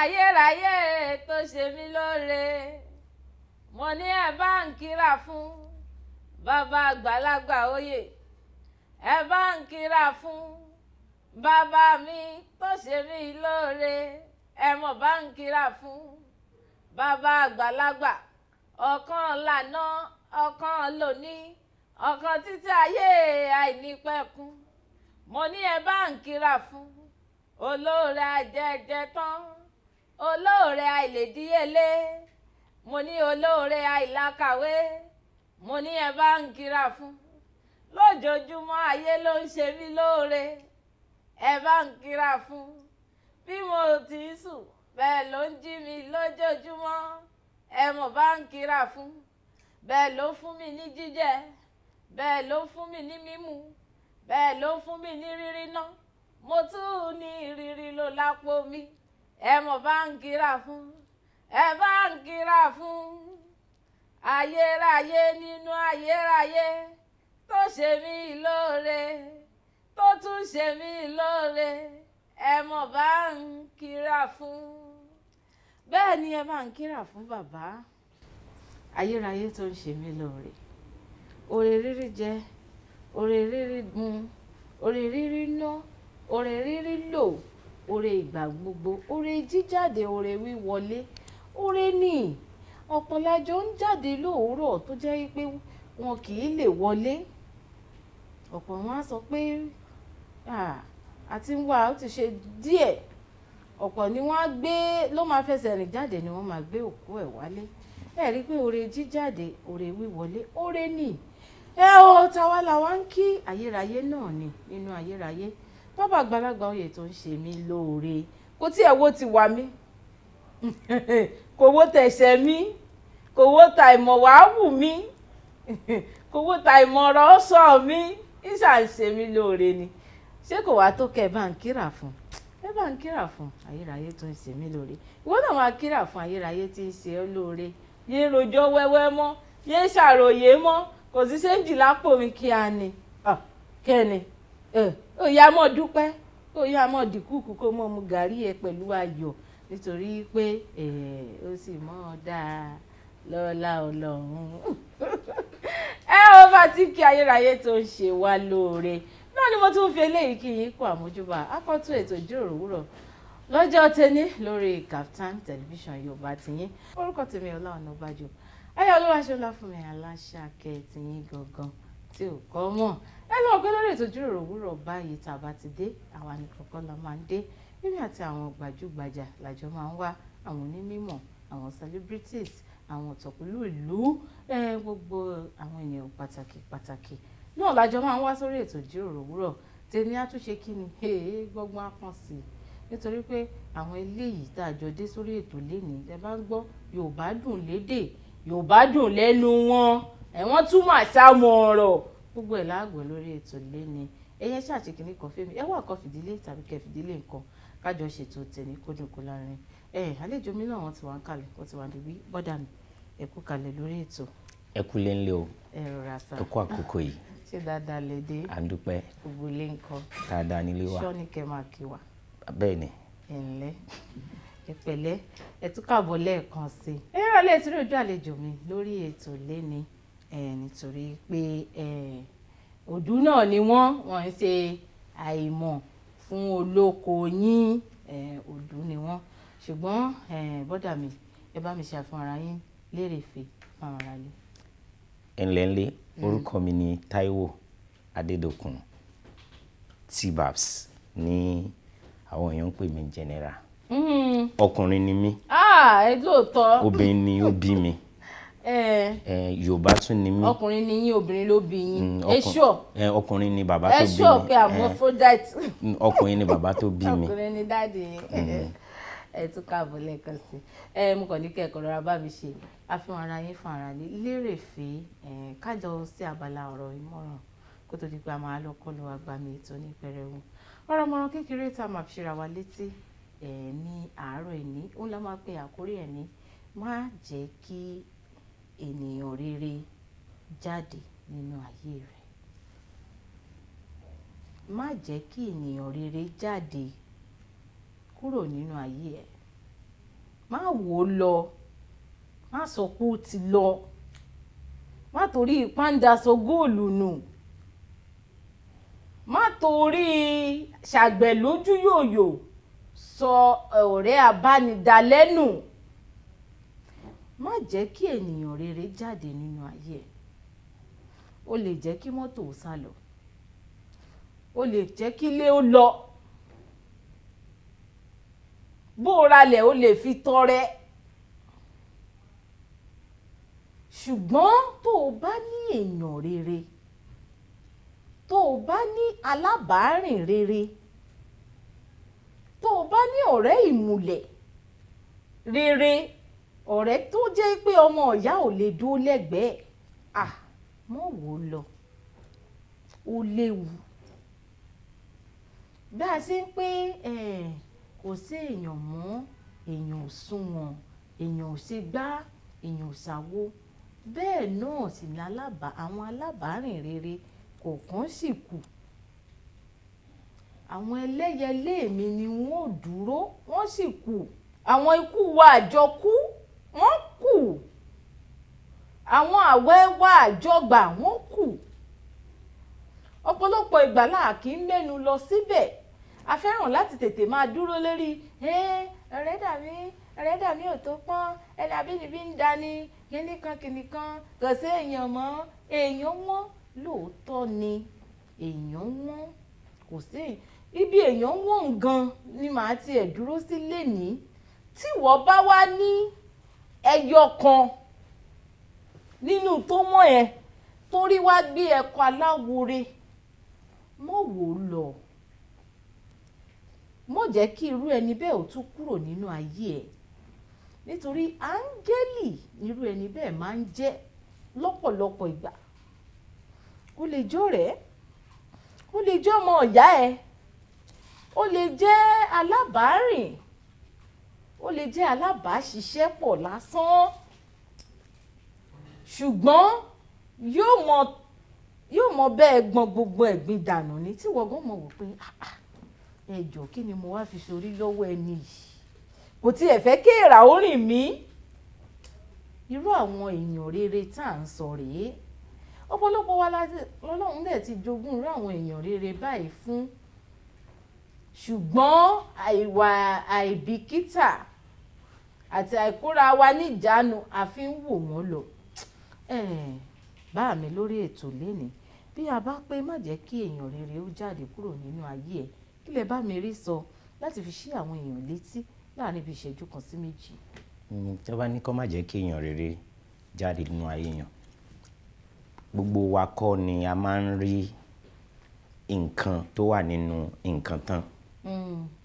ayérayé tó ṣe mí lóore mo ní ẹ bá ń kíra fún bàbá àgbàlagbà oyè ẹ bá ń kíra fún bàbá mi tó ṣe mí lóore ẹ mọ̀ bá ń kíra fún bàbá àgbàlagbà ọ̀kan lànà ọ̀kan lónìí ọ̀kan títí ayé àìnípẹ̀kun mo ní ẹ bá ń kíra fún olóore ajẹjẹ tán olóore àìlèdíyelé mo ní olóore àìlákàwé mo ní ẹ bá ń kíra fún lójoojúmọ́ ayé ló ń ṣe mí lóore ẹ bá ń kíra fún bí mo ti ń sùn bẹ́ẹ̀ ló ń jí mi lójoojúmọ́ ẹ mọ̀ bá ń kíra fún bẹ́ẹ̀ ló fún mi ní jíjẹ bẹ́ẹ̀ ló fún mi ní mímu bẹ́ẹ̀ ló fún mi ní rírí ná mo tún ní ìrírí ló lápò mi ẹ mọ̀ bá ń kíra fún ẹ bá ń kíra fún ayérayé nínú ayérayé tó ṣe mí lóore tó tún ṣe mí lóore ẹ mọ̀ bá ń kíra fún bẹ́ẹ̀ ni ẹ bá ń kíra fún bàbá ayérayé tó ń ṣe mí lóore oore rírì jẹ oore rírì mu oore rírì ná oore rírì lò oore ìgbà gbogbo oore jíjáde oore wíwọlé oore ní ọ̀pọ̀lájọ ń jáde lóòórọ̀ tó jẹ́ pé wọn kì í lè wọlé ọ̀pọ̀ wọn á sọ pé àti ń wá ó ti ṣe díẹ̀ ọ̀pọ̀ ni wọ́n á gbé ló máa fẹsẹ̀ rìn jáde ni wọ́n máa gbé òkú ẹ̀ wálé ẹ rí i pé oore jíjáde oore wíwọlé oore nì ẹ o tàwa làwa ń kí ayérayé náà ni nínú ayérayé. No, bàbá àgbàlagbà oyè tó ń ṣe mí lóore kò tí ẹ̀wọ́ ti wà mí kò wó tẹ̀sẹ̀ mí kò wó ta ìmọ̀ wàá wù mí kò wó ta ìmọ̀ ọ̀rọ̀ sọ mí ìṣà ń ṣe mí lóore ni ṣé kò wá tó kẹ ẹ bá ń kíra fún ẹ bá ń kíra fún ayérayé tó ń ṣe mí lóore ìwọ náà máa kíra fún ayérayé tí ń ṣe ọ́ lóore yé rojọ́ wẹ́wẹ́ mọ́ yé ṣàròyé mọ́ kò sí séǹjì lápò mi kí a ní ah, kẹ́ni ó yá mọ́ dúpẹ́ ó yá mọ́ dìkúkú kó mọ́ mu gàrí ẹ pẹ̀lú ayọ̀ nítorí pé ó sì mọ́ ọ dáa lọ́lá ọlọ́run ẹ ó bá ti kí ayérayé tó ń ṣe wá lóore náà ni mo tún fi eléyìí kí yín kó àmójúbà akọ́tún ètò ìjíròrò òwúrọ̀ lọ́jọ́ tẹ́ni lórí Kaftan television yorùbá tìyín orúkọ tèmi Ọlá Ọ̀nàbàjọ́ ayé olúwa ṣọlá fún mi aláṣà kẹ́ẹ̀tìyín gangan tí ò kọ́ mọ̀ ẹ lọ́ọ́ gbé lórí ètò ìjíròrò òwúrọ̀ báyìí tá a bá ti dé àwa ní kọ̀ọ̀kan la máa ń dé nílẹ̀ àti àwọn gbajúgbajà làjọ máa ń wá àwọn onímọ̀ àwọn celebrities àwọn ọ̀tọ̀kùlú ìlú gbogbo àwọn ènìyàn pàtàkì pàtàkì náà làjọ máa ń wá sórí ètò ìjíròrò òwúrọ̀ tèmi àtúnṣe kí ni gbọ́ngbọ́n apọ̀n sí i nítorí pé àwọn eléyìí tá a jọ dé sórí ètò lénìí lẹ bá ń gbọ́ Yorùbá dùn lédè Yorùbá dùn lẹ́nu wọn ẹ̀wọ̀n túmọ̀ àṣà mọ̀ ọ̀rọ̀ gbogbo ẹ̀ láàgbọ̀ lórí ètò ilé ni ẹ̀yẹ́ ṣáàṣì kìíní kan fẹ́mi ẹ wà kan fìdílé tàbí kẹ fìdílé nǹkan kájọ ṣètò tẹ̀mí kódùn kó lárin ẹ̀ àlejò mi náà wọ́n ti wà ń kalẹ̀ wọ́n ti wà níbí bọ́dà mi ẹ kú kalẹ̀ lórí ètò. ẹ kú lé ńlẹ o ẹ kú àkókò yìí. ṣé dáadáa lè dé. à ń dúpẹ́. gbogbo ilé nǹkan. dáadáa nílé wa. sọ́ni kẹ́ máa kí wa. bẹ́ẹ̀ ni. ẹ pẹ̀lẹ́ ẹ tún lẹ́ẹ̀kan sí i. ẹ rọlẹ́ tí lójú àlejò mi lórí ètò léni nítorí pé òdú náà ni wọ́n wọ́n ń ṣe àìmọ̀ fún olóko yín òdú ni wọ́n ṣùgbọ́n bọ́dà mi ẹ bá mi ṣe àfihàn ara yín lérèfé fáwọn ará ilé. ẹnlẹ́nlẹ́ mm. orúkọ mi ni Táíwò Adédòkun t ní àwọn èèyàn ń pè mí general mm. ọkùnrin ni mí ah, obìnrin ni ó bí mi. Eh. Eh, yorùbá tún ni mí. ọkùnrin ni yín obìnrin ló bí yín. Mm, ẹ eh, ọkùnrin ni bàbá tó bí mi. ẹ ṣọ pé mm, ọkùnrin ni bàbá tó bí mi. ọkùnrin ni dáàdi mm. ẹ tún káàbọ̀ lẹ́ẹ̀kan sí ẹ mo kàn ní kẹ́kọ̀ọ́ rọra bá mi ṣe àfihàn ara yín fún ara ní lérèfé kájọ sí abala ọ̀rọ̀ ìmọ̀ràn kó tó di pé a máa lọ kọlu agbami ètò ní pẹrẹwu mọ̀rànmọ́rán kékeré tá a máa fi ṣera wa létí ní àárọ̀ ẹ̀ní òun la máa pe àkórí ẹ̀ní má jẹ́ kí ènìyàn rere jáde nínú ayé rẹ. Má jẹ́ kí ènìyàn rere jáde kúrò nínú ayé ẹ. Má wò ó lọ. Má sọ pé ó ti lọ. Má torí ipá ń daṣọ góòlù nù. Má torí ṣàgbẹ̀ lójú sọ ọ̀rẹ́ abánidalẹ́nu má jẹ́ kí ènìyàn rere jáde nínú ayé ẹ̀ ó lè jẹ́ kí mọ́tò ó sá lọ ó lè jẹ́ kí ilé ó lọ bó o ralẹ̀ ó lè fi tọrẹ ṣùgbọ́n tó o bá ní èèyàn rere tó o bá ní alábàárìn rere tó o bá ní ọ̀rẹ́ ìmùlẹ̀ rere ọ̀rẹ́ tó jẹ́ pé ọmọ ìyá ò lè dúró lẹ́gbẹ̀ẹ́ à mọ̀ wò ó lọ ó léwu bá a ṣe ń pé kò sí èèyàn mọ́ èèyàn ò sunwọ̀n èèyàn ò ṣe gbá èèyàn ò ṣàwo bẹ́ẹ̀ náà sì ni àwọn alábàárìn rere kọ̀ọ̀kan sì kù àwọn ẹlẹ́yẹlé mi ni wọ́n dúró wọ́n sì kù àwọn ikú wa àjọkú wọ́n kù àwọn àwẹ̀ wa àjọgbà wọ́n kù ọ̀pọ̀lọpọ̀ ìgbà láà kì í mẹ́nu lọ síbẹ̀ a fẹ́ràn láti tètè máa dúró lérí ọ̀rẹ́ dàbí ọ̀rẹ́ dàbí ò tó pọ́n ẹni abínibí ń dání kìnnìkan kìnnìkan kò sí èèyàn mọ́ èèyàn wọ́n lóòótọ́ ni èèyàn wọ́n kò sí ibi èèyàn wọ́n gan ni màá tiẹ̀ dúró sí lénìí tí wọ́n bá wá ní ẹyọ kan nínú tó mọ̀ yẹn torí wá gbé ẹ̀kọ́ aláwòre mọ̀ wò ó lọ mọ̀ jẹ́ kí irú ẹni bẹ́ẹ̀ ò tún kúrò nínú ayé ẹ̀ nítorí áńgẹ́lì irú ẹni bẹ́ẹ̀ máa ń jẹ́ lọ́pọ̀lọpọ̀ ìgbà ó lè jọ̀rẹ́ ó lè jẹ́ ọmọ ọ̀yá ẹ̀ ó lè jẹ́ alábàárìn ó lè jẹ́ alábàáṣiṣẹ́pọ̀ lásán ṣùgbọ́n yóò mọ yóò mọ bẹ́ẹ̀ gbọ́n gbogbo ẹ̀gbin dànù ni tí wọ́n gan mọ̀ wò pé ah, ah, ẹ jọ kí ni mo wá fi sórí lọ́wọ́ ẹni yìí kò tiẹ̀ fẹ́ kéèrà ó rìn mí irú àwọn èèyàn rere tá à ń sọ rèé ọ̀pọ̀lọpọ̀ wa lọ́lọ́run dẹ̀ ti jogún irú àwọn èèyàn rere báyìí fún ṣùgbọ́n àìwà àìbìkítà àti àìkóra wa níjàánu a fi ń wò wọ́n lọ. bá mi lórí ètò lénìí bí a bá pé má jẹ́ kí èèyàn rere ó jáde kúrò nínú ayé ẹ̀ kí lè bá mi rí sọ láti fi ṣí àwọn èèyàn létí láàrin ibi ìṣẹ́jú kan sí méjì. Hmm, tó ní kó má jẹ́ kí èèyàn rere jáde nínú ayé èèyàn gbogbo wa kọ́ ni a máa ń rí nǹkan tó wà nínú nǹkan tán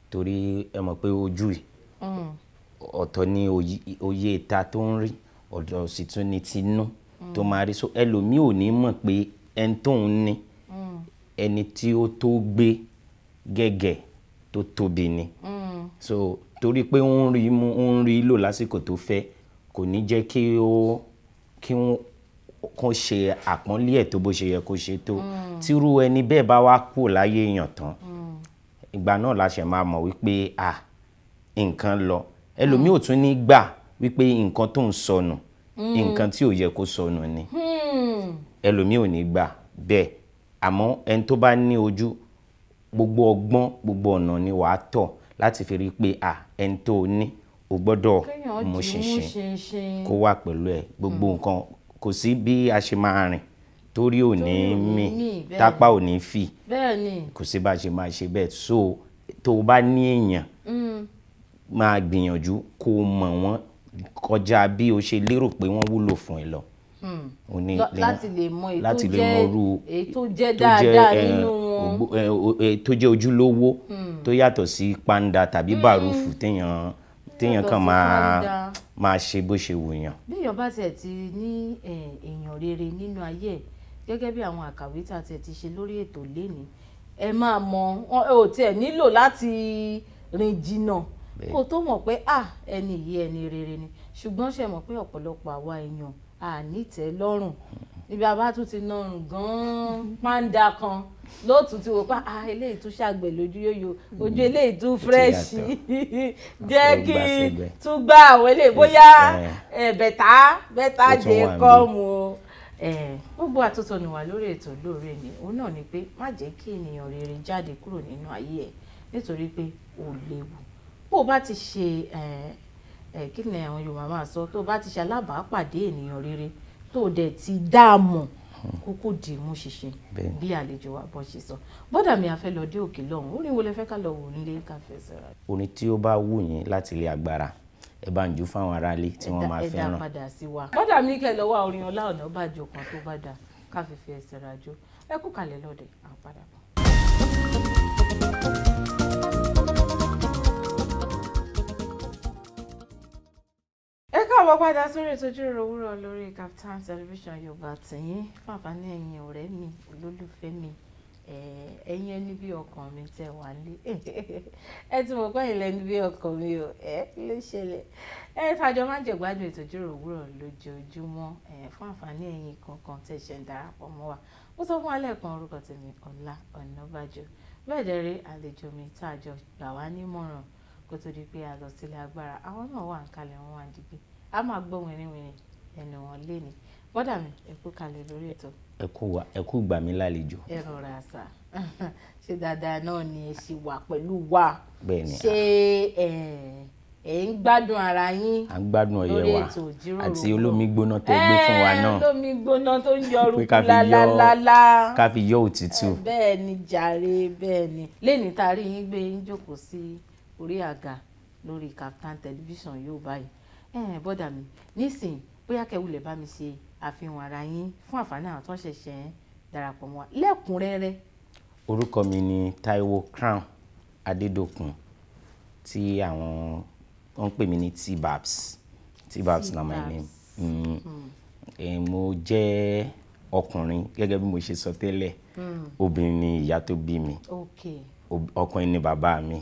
torí ẹ mọ̀ pé ojú yìí mm. ọ̀tọ̀ ni òye ìta tó ń rí ọ̀dọ̀ sì tún ni tinú tó mm. máa rí so ẹlòmíì ò ní mọ̀ pé ẹni tóun ní mm. ẹni tí ó tó gbé gẹ́gẹ́ tó tóbi ni so torí pé ó ń rí mú ó ń rí lò lásìkò tó fẹ́ kò ní jẹ́ kí ó kí wọ́n kàn ṣe àpọ́nlé ẹ̀ tó bó ṣe yẹ kó ṣe tó tírú ẹni bẹ́ẹ̀ bá wá kú láyé èèyàn tán. Mm ìgbà náà la ṣe máa mọ̀ wípé à nǹkan lọ ẹlòmíì ò tún ní gbà wípé nǹkan tó ń sọnù hmm. nǹkan tí ò yẹ kó sọnù ni hmm. ẹlòmíì ò ní gbà bẹ́ẹ̀ àmọ́ ẹni tó bá ní ojú gbogbo ọgbọ́n gbogbo ọ̀nà ni wàá tọ̀ láti fi rí i pé à ẹni tó o ní o gbọ́dọ̀ mú ṣinṣin kó wà pẹ̀lú ẹ gbogbo hmm. nǹkan kò sí bí a ṣe máa rìn torí ò ní mì tápá ò ní fì kò sí bá ṣe máa ṣe bẹ́ẹ̀ so tó o bá ní èèyàn mm. máa gbìyànjú kó o mọ̀ wọ́n kọjá bí o ṣe lérò pé wọ́n wúlò fún ẹ lọ. Hmm. láti lè mọ èyí tó jẹ́ dáadáa eh, nínú wọn. Eh, eh, tó jẹ́ ojúlówó hmm. tó yàtọ̀ sí panda tàbí hmm. bàrúfù téèyàn téèyàn kan máa ṣe bó ṣe wù yàn. bí èèyàn bá tiẹ̀ ti ní èèyàn rere nínú ayé ẹ̀ gẹ́gẹ́ bí àwọn àkàwé tá a tiẹ̀ ti ṣe lórí ètò lẹ́ni ẹ máa mọ ò tiẹ̀ nílò láti rìn jìnnà kó tó mọ̀ pé ah ẹni yìí ẹni rere ni ṣùgbọ́n ṣe mọ̀ pé ọ̀pọ̀lọpọ̀ àwa èèyàn ànítẹ́ lọ́rùn ibi a bá tún ti nọrùn gan-an pàǹdà kan lóòtú ti wò pa ah eléyìí tún ṣàgbẹ̀ lójú yóyó ojú hmm. eléyìí tún fírẹ́ṣì jẹ́ kí tún gbà àwọn eléyìí bóyá eh. bẹ̀tà bẹ̀tà jẹ́ kọ́ mu o gbogbo àtúntò nìwà lórí ètò lóore ni òun náà ni pé má jẹ́ kí ènìyàn rere jáde kúrò nínú ayé ẹ̀ nítorí pé ó léwu bó o bá ti ṣe kí ni àwọn Yorùbá máa sọ tó o bá ti ṣe alábàápàdé ènìyàn rere tó o dẹ̀ ti dá a mọ̀ kókó di mú ṣinṣin bí àlejò wa bọ́ ṣe sọ bọ́dà mi a fẹ́ lọ dé òkè lọ́hùn orin wo lẹ fẹ́ ká lọ wò nílé ká fẹ́ orin tí ó bá wù yín láti ilé agbára ẹ bá ń jó fáwọn aráalé tí wọ́n máa fẹ́ràn. ẹ dá padà sí wa. bọ́dà mi kẹ́ lọ́wọ́ orin Ọlá Ọ̀nàbàjọ kan tó bá dà ká fi fi ẹsẹ̀ rajó ẹ kú kalẹ̀ lọ́dẹ̀ àpadà bọ̀. ẹ káàbọ̀ padà sórí ètò ìjíròrò lórí Kaftan television yorùbá tìyín fàfà ní ẹ̀yìn ọ̀rẹ́ mi olólùfẹ́ mi Eh, ẹ̀yin ẹni bí ọkàn mi tẹ wà lé ẹ ti mọ̀ pé ìlẹ̀ ẹni bí ọkàn mi ò ẹ ló ṣẹlẹ̀ ẹ fàjọ má jẹ gbádùn ètò òwúrọ̀ lójoojúmọ́ fún àǹfààní ẹ̀yin kankan tẹ̀ ṣẹ̀ ń darapọ̀ mọ́ wa mo sọ fún alẹ́ orúkọ tèmi Ọlá Ọ̀nàbàjọ bẹ́ẹ̀ dẹ̀rẹ́ àlejò mi tá a jọ gbà wá nímọ̀ràn kó tó di pé a lọ sílé agbára àwọn náà wà ń kalẹ̀ wọn wà ń digbí a máa bọ́dà mi ẹ kú kalẹ̀ lórí ètò. ẹ wa ẹ kú gbà mí lálejò. ẹ rọra sà ṣe dáadáa náà ni ẹ ṣì wà pẹ̀lú wa ṣé ẹ ẹ ń gbádùn ara yín à ń gbádùn ọyẹ wa àti olómi gbóná tó gbé fún wa náà olómi gbóná tó ń yọrù lálálálá ká fi yọ òtútù. bẹ́ẹ̀ ni jàre bẹ́ẹ̀ ni lẹ́ni tá a rí yín gbé yín jókòó sí orí àga lórí Kaftan television yóò báyìí ẹ bọ́dà mi nísìnyí bóyá kẹ́ wulẹ̀ bá mi ṣe àfihàn ara yín fún àǹfààní àwọn tó ṣẹ̀ṣẹ̀ darapọ̀ mọ́ wa lẹ́kùnrẹ́rẹ́. orúkọ mi ni Taiwo Crown Adédòkun tí àwọn wọn pè mí ní T-Babs na my name mm. Mm. E, mo jẹ́ ọkùnrin gẹ́gẹ́ bí mo ṣe sọ tẹ́lẹ̀ mm. obìnrin ni ìyá tó bí mi. okay ọkùnrin ni bàbá mi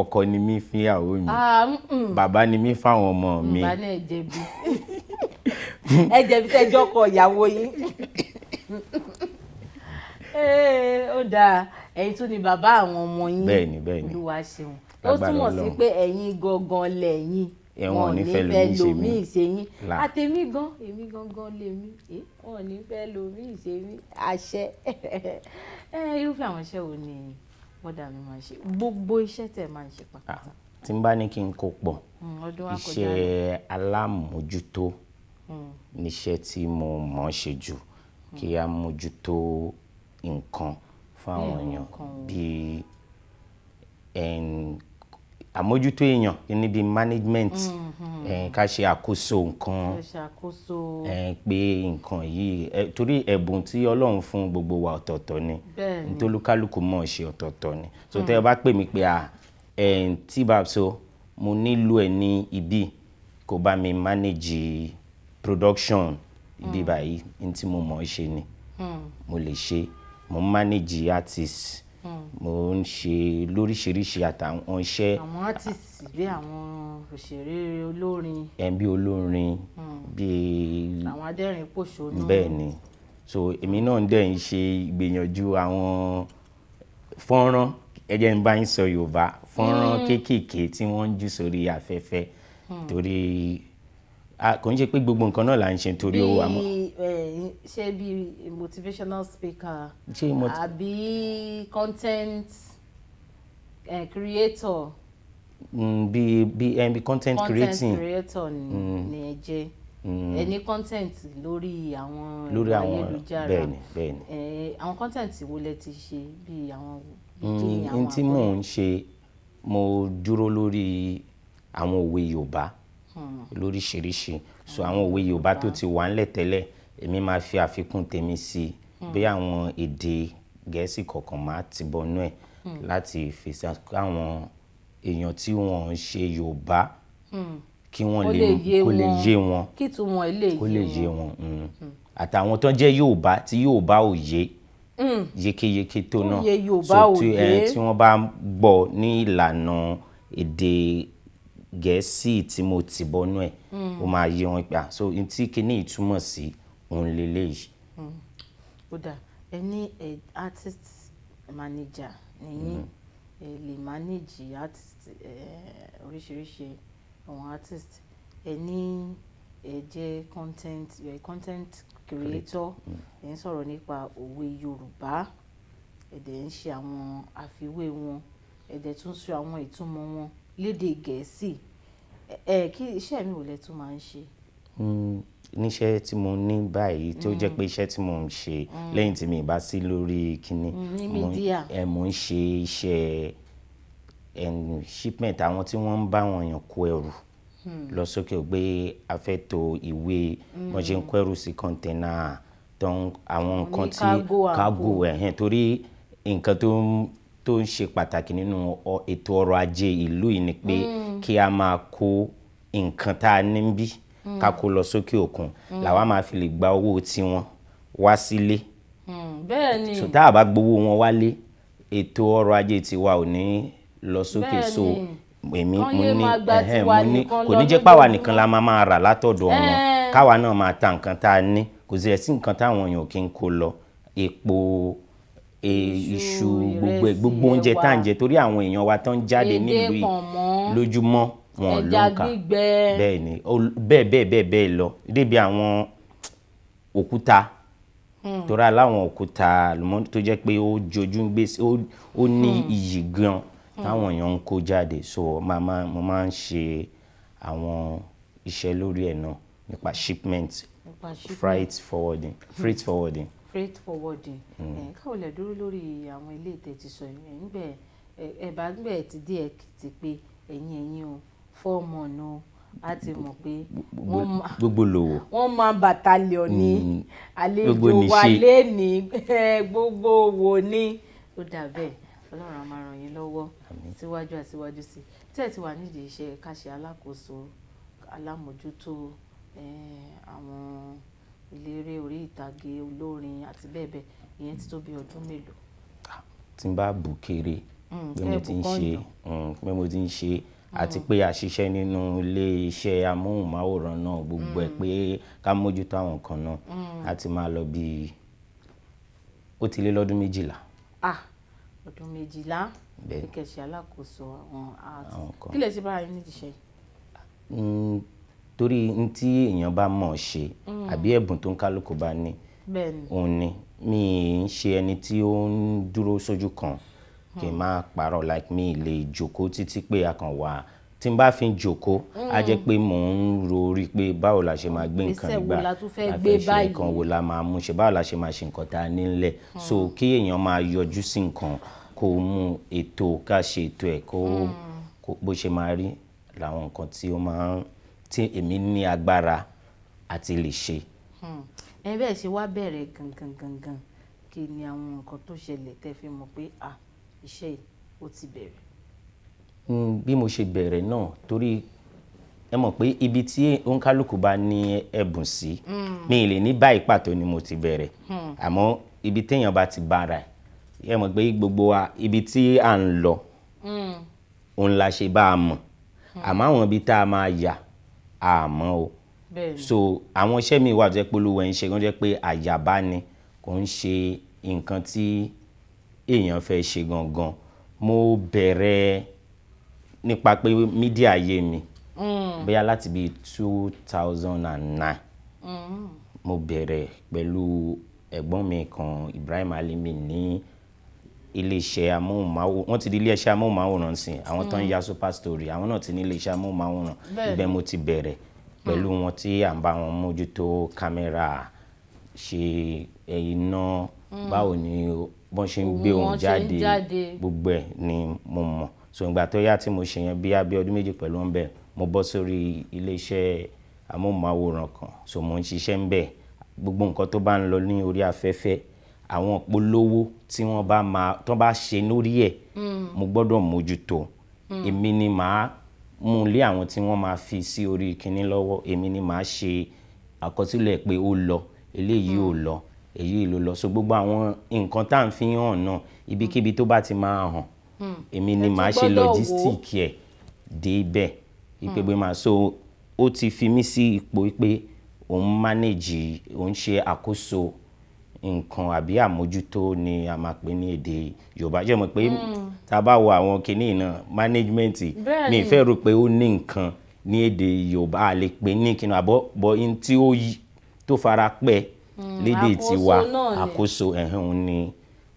ọkọ ni mí fíyàwó mi ah, bàbá ni mí fáwọn ọmọ mi. bàbá náà jẹ̀bi ẹ jẹ̀bi tẹ́jọ́ kọ ìyàwó yín ó dáa ẹ̀yin tún ni bàbá àwọn ọmọ yín bẹ́ẹ̀ni bẹ́ẹ̀ni olúwa ṣeun ó túmọ̀ sí pé ẹ̀yin gangan lẹ̀yin wọn ò ní fẹ́ lomi ìṣe yín àtẹ̀mí gan èmi gangan lèmi wọn ò ní fẹ́ lomi ìṣe mi àṣẹ irúfẹ́ àwọn iṣẹ́ wo ni bọ́dà mi máa ṣe gbogbo iṣẹ́ tẹ̀ máa ń ṣe pàtàkì. tí n bá ní kí n kó pọ̀ hmm, iṣẹ́ alámòójútó hmm. níṣẹ́ tí mo mọ̀ ṣe jù hmm. kí a mójútó nǹkan fún àwọn èèyàn bíi àmójútó èèyàn ní bíi management mm-hmm. ká ṣe àkóso nǹkan pé nǹkan yìí torí ẹ̀bùn tí ọlọ́run fún gbogbo wa ọ̀tọ̀ọ̀tọ̀ ni ntolúkálùkù mọ̀ ṣe ọ̀tọ̀ọ̀tọ̀ ni so tẹ́ ẹ mm. bá pè mí pé tí bàbá so mo nílò ẹ ní ibi kó bá mi manage production ibi mm. báyìí ní tí mo mọ̀ ṣe ni mm. mo lè ṣe mo manage artist mo ń ṣe lóríṣiríṣi àtàwọn iṣẹ́. àwọn artiste bí àwọn òṣèré olórin. ẹ̀ olórin hmm. bí. àwọn adẹ́rìn pòṣónú. bẹ́ẹ̀ ni so èmi náà ń dẹ̀ ń ṣe ìgbìyànjú àwọn fọ́nrán ẹ jẹ́ ń bá yín sọ Yorùbá fọ́nrán hmm. kéékèèké tí wọ́n ń jù sórí afẹ́fẹ́ hmm. torí kò ń ṣe pé gbogbo nǹkan náà là ń ṣe nítorí owó àmọ́. Eh, ṣé bí motivational speaker àbí content uh, creator. Mm, bí bí um, content, content creating content creator mm. ni ẹ jẹ́ mm. ẹ ní content lórí àwọn lórí àwọn bẹ́ẹ̀ni bẹ́ẹ̀ni. àwọn content wo lẹ ti ṣe bíi mm, àwọn. n tí mò ń ṣe mo dúró lórí àwọn òwe Yorùbá lóríṣiríṣi so àwọn òwe Yorùbá tó ti wà ńlẹ̀ tẹ́lẹ̀ èmi máa fi àfikún tèmi sí i hmm. bí àwọn èdè Gẹ̀ẹ́sì kọ̀ọ̀kan máa ti bọnú ẹ̀ hmm. láti fèsì àwọn èèyàn tí wọ́n ń ṣe Yorùbá hmm. kí wọ́n lè kó lè yé wọn kó lè yé wọn àtàwọn tó jẹ́ Yorùbá tí Yorùbá ò yé yékéyéké tó náà eh, tí wọ́n bá gbọ́ ní ìlànà èdè gẹ̀ẹ́sì tí mo ti bọ́nú ẹ̀ hmm. ó máa yé wọn gbà so n tí kinní ìtumọ̀ sí òun lélẹ́yìí. Hmm. ó dà ẹ ní artist manager nìyí hmm. ẹ lè manage artist oríṣiríṣi àwọn artist ẹ ní ẹ jẹ́ content ẹ content creator ẹ ń sọ̀rọ̀ nípa òwe Yorùbá ẹ dẹ̀ ń ṣe àwọn àfiwé wọn ẹ dẹ̀ tún sọ àwọn ìtumọ̀ wọn lédè gẹ̀ẹ́sì ẹ kí iṣẹ́ mi ò lẹ tún máa ń ṣe. Hmm, níṣẹ́ tí mo ní báyìí tó jẹ́ hmm. pé iṣẹ́ tí mo ń ṣe hmm. lẹ́yìn tí mi bá sí lórí kínní mo ń ṣe iṣẹ́ shipment àwọn tí wọ́n ń bá wọn yàn kó ẹrù lọ sókè gbé afẹ́tò ìwé wọ́n ṣe ń kó ẹrù sí kọ́ńtẹ́nà àwọn nǹkan tí kágò ẹ̀hìn torí nǹkan tó ń tó ń ṣe pàtàkì nínú ètò ọrọ̀ ajé ìlú yìí ni pé mm. kí a máa kó nǹkan tá a ní bí mm. ká kó lọ sókè òkun mm. làwa máa fi lè gba owó tiwọn wá sílé so tá a bá gbowó wọn wálé ètò ọrọ̀ ajé tiwa ò ní lọ sókè so èmi mo ní kò ní jẹ́ páwa nìkan la máa rà látọ̀dọ̀ wọn káwa náà máa ta nǹkan tá a ní kò sí ẹ̀ sí nǹkan táwọn èèyàn kì í kó lọ epo. E, iṣu gbogbo ẹ gbogbo oúnjẹ tá à ń jẹ torí àwọn èèyàn wa tó ń jáde nílùú yìí lójúmọ́ wọn ló ń kà bẹ́ẹ̀ ni bẹ́ẹ̀ bẹ́ẹ̀ bẹ́ẹ̀ bẹ́ẹ̀ lọ débi àwọn òkúta hmm. torí aláwọn òkúta tó jẹ́ pé ó jojú gbèsè ó ní hmm. iyì gan hmm. táwọn èèyàn ń kó jáde so mo máa ń ṣe àwọn iṣẹ́ lórí ẹ̀ náà nípa shipment freight forwarding freight forwarding freight forwarding hmm. káwọn lè dúró lórí àwọn ilé ìtẹ̀tí sọ yẹn níbẹ̀ ẹ̀bá níbẹ̀ ti dé èkìtì pé ẹ̀yìn ẹ̀yìn o fọ́ọ̀mù ọ̀nà o a ti mọ̀ pé gbogbo lòwò wọ́n máa bàtàlíọ̀ ní àlejò wa lẹ́ni gbogbo òwò ni ó dà bẹ́ẹ̀ ọlọ́run á máa ràn yín lọ́wọ́ síwájú àtiwájú sí tẹ́ẹ̀ wà nídìí iṣẹ́ ká alákòóso alámòjútó àwọn. Eh, eléré orí ìtàgé olórin àti bẹ́ẹ̀ bẹ́ẹ̀ ìyẹn ti tó bí ọdún mélòó. Ah, tí n bá bù kéré pé mm, mo ti ń ṣe pé mm, mo ti ń ṣe àti mm. pé àṣìṣe nínú ilé iṣẹ́ amóhùnmáwòrán náà gbogbo ẹ̀ pé ká mójútó àwọn kan náà á máa lọ bí ó ti lé lọ́dún méjìlá. Ah, ọdún méjìlá ìkẹsì alákòóso àwọn àti kí lè ṣe bára yín nídìí iṣẹ́ torí n tí èèyàn bá mọ̀ ọ́ ṣe mm. àbí ẹ̀bùn tó ń kálukú bá ní òun ni mi ń ṣe ẹni tí ó ń dúró sójú kan kì í mm. máa parọ́ like mi lè jókòó títí pé a kàn wà tí n bá fi jókòó á jẹ́ mm. pé mò ń ro orí pé báwo la ṣe máa gbé nǹkan nígbà láti ṣe nǹkan wo la máa mú ṣe báwo la ṣe máa ṣe nǹkan tá a nílẹ̀ so kí èèyàn máa yọjú sí nǹkan kó mú ètò ká ṣe ètò ẹ̀ kó bó ṣe máa rí làwọn nǹkan tí ó máa ń tí èmi ní agbára àti lè ṣe. Hmm. ẹ bẹ́ẹ̀ ṣe wá bẹ̀rẹ̀ gangan kí ni àwọn nǹkan tó ṣẹlẹ̀ tẹ́ fi mọ̀ pé à iṣẹ́ ò ti bẹ̀rẹ̀. Hmm, bí mo ṣe bẹ̀rẹ̀ náà torí ẹ mọ̀ pé ibi tí òǹkálùkù bá ní ẹ̀bùn sí hmm. mi lè ní báyìí pàtó ni mo ti bẹ̀rẹ̀ àmọ́ ibi téèyàn bá ti bára ẹ mọ̀ pé gbogbo wa ibi tí à ń lọ òun la ṣe bá a mọ̀ àmọ́ àwọn ibi tá a máa yà àmọ́ o so àwọn iṣẹ́ mi wà tó jẹ́ pé olúwa ẹ̀ ń ṣe kó jẹ́ pé àyàbá ni kò ń ṣe nǹkan tí èèyàn fẹ́ ṣe gangan mo bẹ̀rẹ̀ nípa pé mídíà yé mi mm. bóyá láti bíi two thousand and nine mm. mo bẹ̀rẹ̀ pẹ̀lú ẹ̀gbọ́n mi kan Ibrahim Alimi ní iléeṣẹ́ amóhùnmáwòrán wọ́n ti di iléeṣẹ́ amóhùnmáwòrán sí àwọn tó ń hmm. ya super story àwọn náà ti ní iléeṣẹ́ amóhùnmáwòrán ibẹ̀ mo ti bẹ̀rẹ̀ pẹ̀lú hmm. wọn tí à ń bá wọn mójútó kámẹ́rà ṣe iná hmm. báwo ni wọ́n ṣe ń gbé ohun jáde gbogbo ẹ̀ ni mo mọ̀ so ìgbà tó yá tí mo ṣe yẹn bí abẹ́ ọdún méjì pẹ̀lú wọn bẹ́ẹ̀ mo bọ́ sórí iléeṣẹ́ amóhùnmáwòrán kan so mo ń ṣiṣẹ́ ń bẹ̀ gbogbo nǹkan tó bá ń lọ ní orí afẹ́fẹ́ àwọn polówó tí wọ́n bá máa tán bá ṣe lórí ẹ̀ hmm. mo gbọ́dọ̀ mójútó hmm. èmi ni màá mú lé àwọn tí wọ́n máa fi sí orí kinní lọ́wọ́ èmi ni màá ṣe àkọsílẹ̀ pé ó lọ eléyìí ò hmm. lọ èyí ló lọ so gbogbo àwọn nǹkan tá à ń fi hàn náà ibikíbi tó bá ti máa hàn èmi ni màá ṣe logistic ẹ̀ dé ibẹ̀ ìpè pé màá so ó ti fi mí sí ipò pé òun manage òun ṣe àkóso nǹkan àbí àmójútó ni a máa pè ní èdè Yorùbá jẹ́ mọ̀ pé hmm. tá a bá wo àwọn kìnìún náà management mi ìfẹ́ rò pé ó ní nǹkan ní èdè Yorùbá a lè pè ní kìnìún àbọ̀ bọ̀ in tí ó yí tó fara pẹ́ hmm, lédè tiwa àkóso ẹ̀hún ni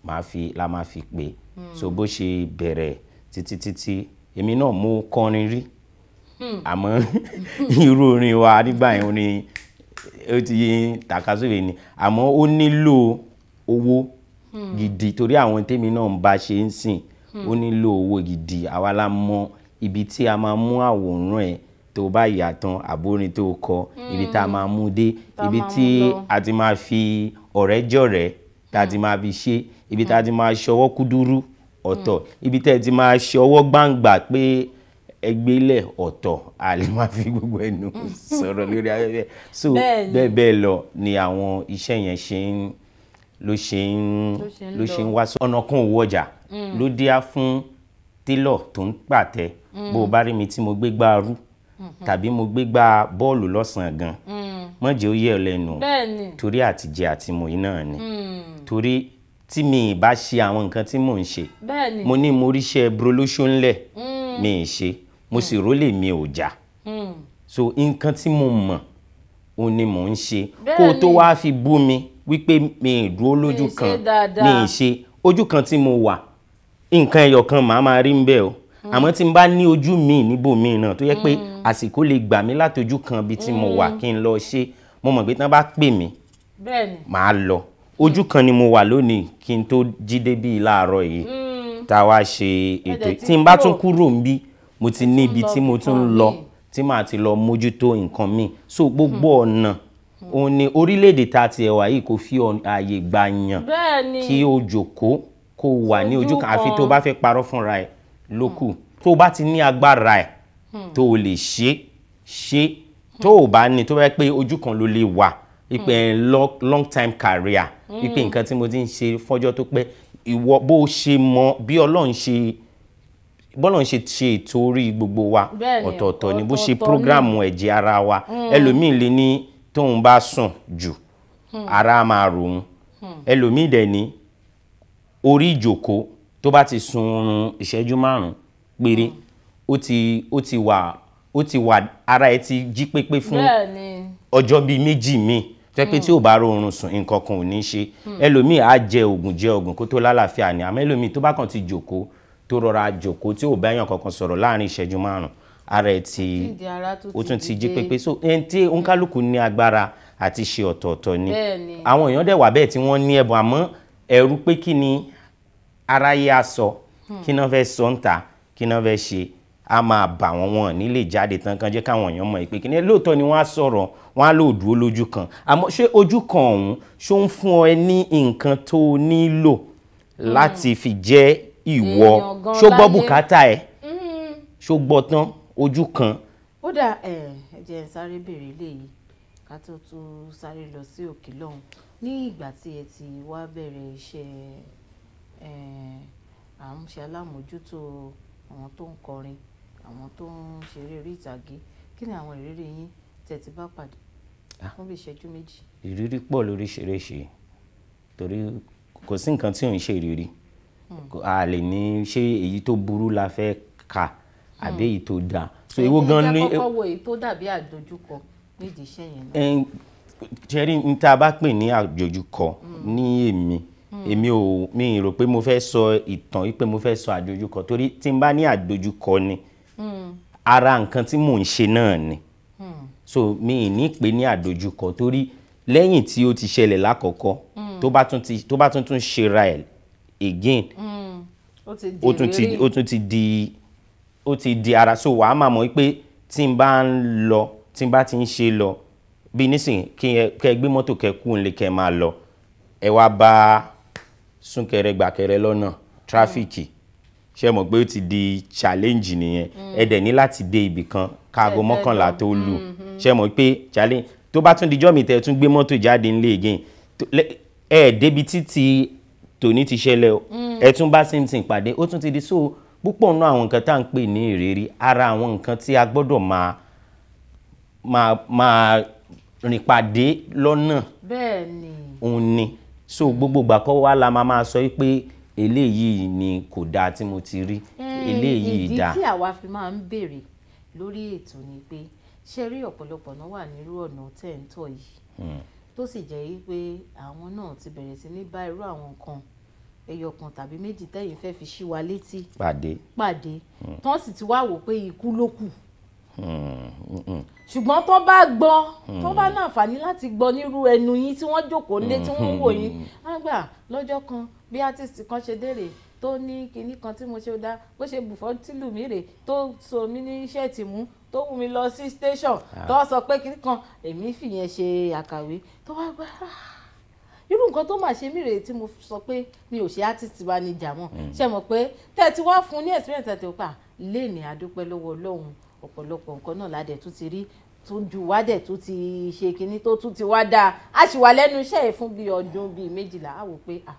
màá fi la máa fi pè hmm. so bó ṣe bẹ̀rẹ̀ títí títí èmi náà mú kọrin rí àmọ́ irú orin wa nígbà yẹn ni ó ti tàkasúfè ni àmọ́ ó nílò owó gidi torí àwọn tèmi náà ń bá ṣe ń sìn ó nílò owó gidi àwa la mọ ibi tí a máa mú àwòrán ẹ̀ tó bá yà tán àbórin tó kọ ibi tá a máa mú dé ibi tí a ti máa fi ọ̀rẹ́ jọ̀rẹ́ tá a ti máa fi ṣe ibi tá a ti máa ṣọwọ́ kúdúrú ọ̀tọ̀ ibi tá a ti máa ṣọwọ́ gbangba pé ẹgbẹ́lẹ̀ ọ̀tọ̀ a lè máa fi gbogbo ẹnu sọ̀rọ̀ lórí afẹ́fẹ́ so bẹ́ẹ̀ bẹ́ẹ̀ lọ ni àwọn iṣẹ́ yẹn ṣe ń ló ṣe ń ló ṣe ń wá sí ọ̀nà kan òwò ọjà mm. ló díá fún télọ̀ tó ń pàtẹ mm. bó o bá rí mi tí mo gbé gbá arú mm-hmm. tàbí mo gbé gbá bọ́ọ̀lù lọ́sàn-án gan mọ̀jẹ̀ mm. ó yẹ ọ lẹ́nu torí àtijẹ àtimọ̀ yìí náà ni torí tí mi ì bá ṣe àwọn nǹkan tí mò ń ṣe mo ní mo ríṣẹ́ brolóṣó ńlẹ̀ mi ì ṣe mo sì rólè mi ò já hmm. so nǹkan tí mo mọ̀ òun ni mò ń ṣe kó o tó wáá fi bú mi wípé mi ì dúró lójú kan mi ì ṣe ojú kan tí mo wà nǹkan ẹyọ kan màá máa rí ń bẹ́ẹ̀ o hmm. àmọ́ tí n bá ní ojú mi níbò mi náà tó yẹ pé hmm. àsìkò lè gbà mí látọjú kan bíi tí mo wà kí n lọ ṣe mo mọ̀ pé tí wọ́n bá pè mí màá lọ ojú kan ni mo wà lónìí kí n tó jí débi láàárọ̀ yìí tá a wá ṣe ètò tí n bá tún kúrò ń bí mo ti níbi tí mo tún ń lọ tí màá ti lọ mójútó nǹkan míì so gbogbo hmm. ọ̀nà hmm. òun ni orílẹ̀-èdè ta ti ẹ̀wà yìí kò fi àyè gbà yàn kí o jòkóó kó o wà ní ojú kan àfi tó o bá fẹ́ parọ́ fúnra ẹ̀ ló hmm. tó o bá ti ní agbára ẹ̀ tó o lè ṣe ṣe tó o bá ní tó bá pé ojú kan ló lè wà ìpè long time career ìpè nǹkan tí mo ti ń ṣe fọ́jọ́ tó pẹ́ ìwọ bó o ṣe mọ bí Ọlọ́run ṣe bọ́lọ̀ ń ṣe ṣe ètò orí gbogbo wa ọ̀tọ̀ọ̀tọ̀ ni bó ṣe prógráàmù ẹ̀jẹ̀ ara wa hmm. ẹlòmíì lè ní tóun bá sùn jù hmm. ara máa ròun hmm. ẹlòmíì dẹ̀ ní orí ìjòkó tó bá ti sun oorun ìṣẹ́jú márùn-ún péré ó ti ó ti wà ó ti wà ara ẹ ti jí pépé fún ọjọ́ bíi méjì míì tó tí ò bá rọrùn sùn nǹkan kan ò ní ṣe ẹlòmíì á jẹ oògùn jẹ oògùn kó tó lálàáfíà ni àmọ́ ẹlòmíì tó bá kàn ti jòkó tó rọra jòkó tí ò bẹ́yàn kankan sọ̀rọ̀ láàrin ìṣẹ́jú márùn ara ẹ̀ ti ó tún ti jí pépé so ẹni tí òǹkálùkù ní agbára àti ṣe ọ̀tọ̀ọ̀tọ̀ ni àwọn èèyàn dẹ̀ wà bẹ́ẹ̀ tí wọ́n ní ẹ̀bùn àmọ́ ẹ̀rú pé kí ni aráyé á sọ hmm. kí náà fẹ́ sọ ń ta kí náà fẹ́ ṣe a máa bà wọ́n wọn nílé jáde tán kan jẹ́ káwọn èèyàn mọ̀ ìpè kíní lóòótọ́ ni wọ́n á sọ̀rọ̀ wọ́n á lò dúró lójú kan àmọ́ ṣé ojú kan ọ̀hún ṣó ń fún ọ ní nǹkan tó nílò hmm. láti fi jẹ́ ìwọ ṣó gbọ́ bùkátà ẹ̀ mm-hmm. ṣó gbọ́ tán ojú kan. ó dà ẹ jẹ́ sáré béèrè léyìí ká tó tún sáré lọ sí òkè lọ́hùn ní ìgbà tí ẹ ti wá bẹ̀rẹ̀ iṣẹ́ à ń ṣe alámòjútó àwọn tó ń kọrin àwọn tó ń ṣeré orí ìtàgé kí ni àwọn ìrírí yín tẹ́ bá pàdé ah. fún bí ìṣẹ́jú méjì. ìrírí pọ̀ lóríṣiríṣi torí kò sí nǹkan tí ò ń ṣe ìrírí a lè ní ṣé èyí tó burú la fẹ́ kà àbí hmm. èyí tó dáa. so èwo gan ni. èyí tó kọ́kọ́ wo èyí tó dàbí àdójúkọ nídìí iṣẹ́ náà. ṣẹ́rí n tá a bá pè ní àjòjúkọ hmm. ní èmi hmm. èmi ò mi rò pé mo fẹ́ sọ ìtàn yìí pé mo fẹ́ sọ àdójúkọ torí tí n bá ní àdójúkọ ni ara nǹkan tí mò ń ṣe náà ni so mi ì ní pè ní àdójúkọ torí lẹ́yìn tí ó ti ṣẹlẹ̀ lákọ̀ọ́kọ́ tó bá tún tún ṣera ẹ̀ again hmm. ó tún ti ó tún ti di ó ti di ara so wàá máa mọ̀ pé tí n bá ń lọ tí n bá ti ń ṣe lọ bí nísìnyí kí ẹ gbé mọ́tò kẹ kú nílé kẹ máa lọ ẹ wá bá súnkẹrẹ gbàkẹrẹ lọ́nà tráfíkì hmm. ṣe mọ̀ pé ó ti di challenge nìyẹn hmm. ẹ dẹ̀ ní láti dé ibì kan káago mọ́kànlá tó lù ṣe mọ̀ pé challenge tó bá tún dijọ́ mi tẹ̀ tún gbé mọ́tò jáde nílé again ẹ débi títí tòní ti ṣẹlẹ̀ o mm. ẹ tún bá same thing pàdé ó tún ti di so púpọ̀ nínú àwọn nǹkan tá à ń pè ní ìrírí ara àwọn nǹkan tí a gbọ́dọ̀ máa máa máa rìn pàdé lọ́nà òun ni so gbogbo ìgbà kọ́ wa la máa máa sọ pé eléyìí ni kò dáa tí mo ti rí eh, eléyìí dáa. ìdí tí àwa fi máa ń béèrè lórí ètò ni pé ṣe rí ọ̀pọ̀lọpọ̀ náà wà nírú ọ̀nà tẹ̀ ń tọ̀ yìí hmm tó sì jẹ́ wípé àwọn náà ti bẹ̀rẹ̀ sí ní bá irú àwọn kan ẹyọ kan tàbí méjì tẹ́yìn fẹ́ fi ṣí wa létí pàdé pàdé hmm. tán sì ti wá wò pé ikú ló kù hmm, hmm, ṣùgbọ́n tó bá gbọ́ tó bá ní àǹfààní láti gbọ́ nírú ẹnu yín tí wọ́n jókòó nílé tí wọ́n ń wò yín á gbà lọ́jọ́ kan bí artist kan ṣe dé rèé tó ní kinní kan tí mo ṣe dá bó ṣe bùfọ́ tìlù mi rè tó so mí ní ṣẹ́ẹ̀tì mú tó wù mí lọ sí station ah. tó sọ pé kinní kan èmi fìyẹn ṣe àkàwé tó wá gbá ah, irú nǹkan tó mà ṣe mí rèé tí mo sọ pé mi ò ṣe artist bá ní jà mọ́ hmm. ṣe mọ̀ pé tẹ́tí wá fún ní experience tẹ̀tẹ̀ pa ah, léèní adúpẹ́ lọ́wọ́ ọlọ́run ọ̀pọ̀lọpọ̀ nǹkan náà ládẹ̀ tún ti rí tó ju wádẹ̀ tó ti ṣe kinní tó tún ti wá dáa a sì wà lẹ́nu iṣẹ́ ẹ̀ fún bíi ọdún bíi méjìlá a wò pé ah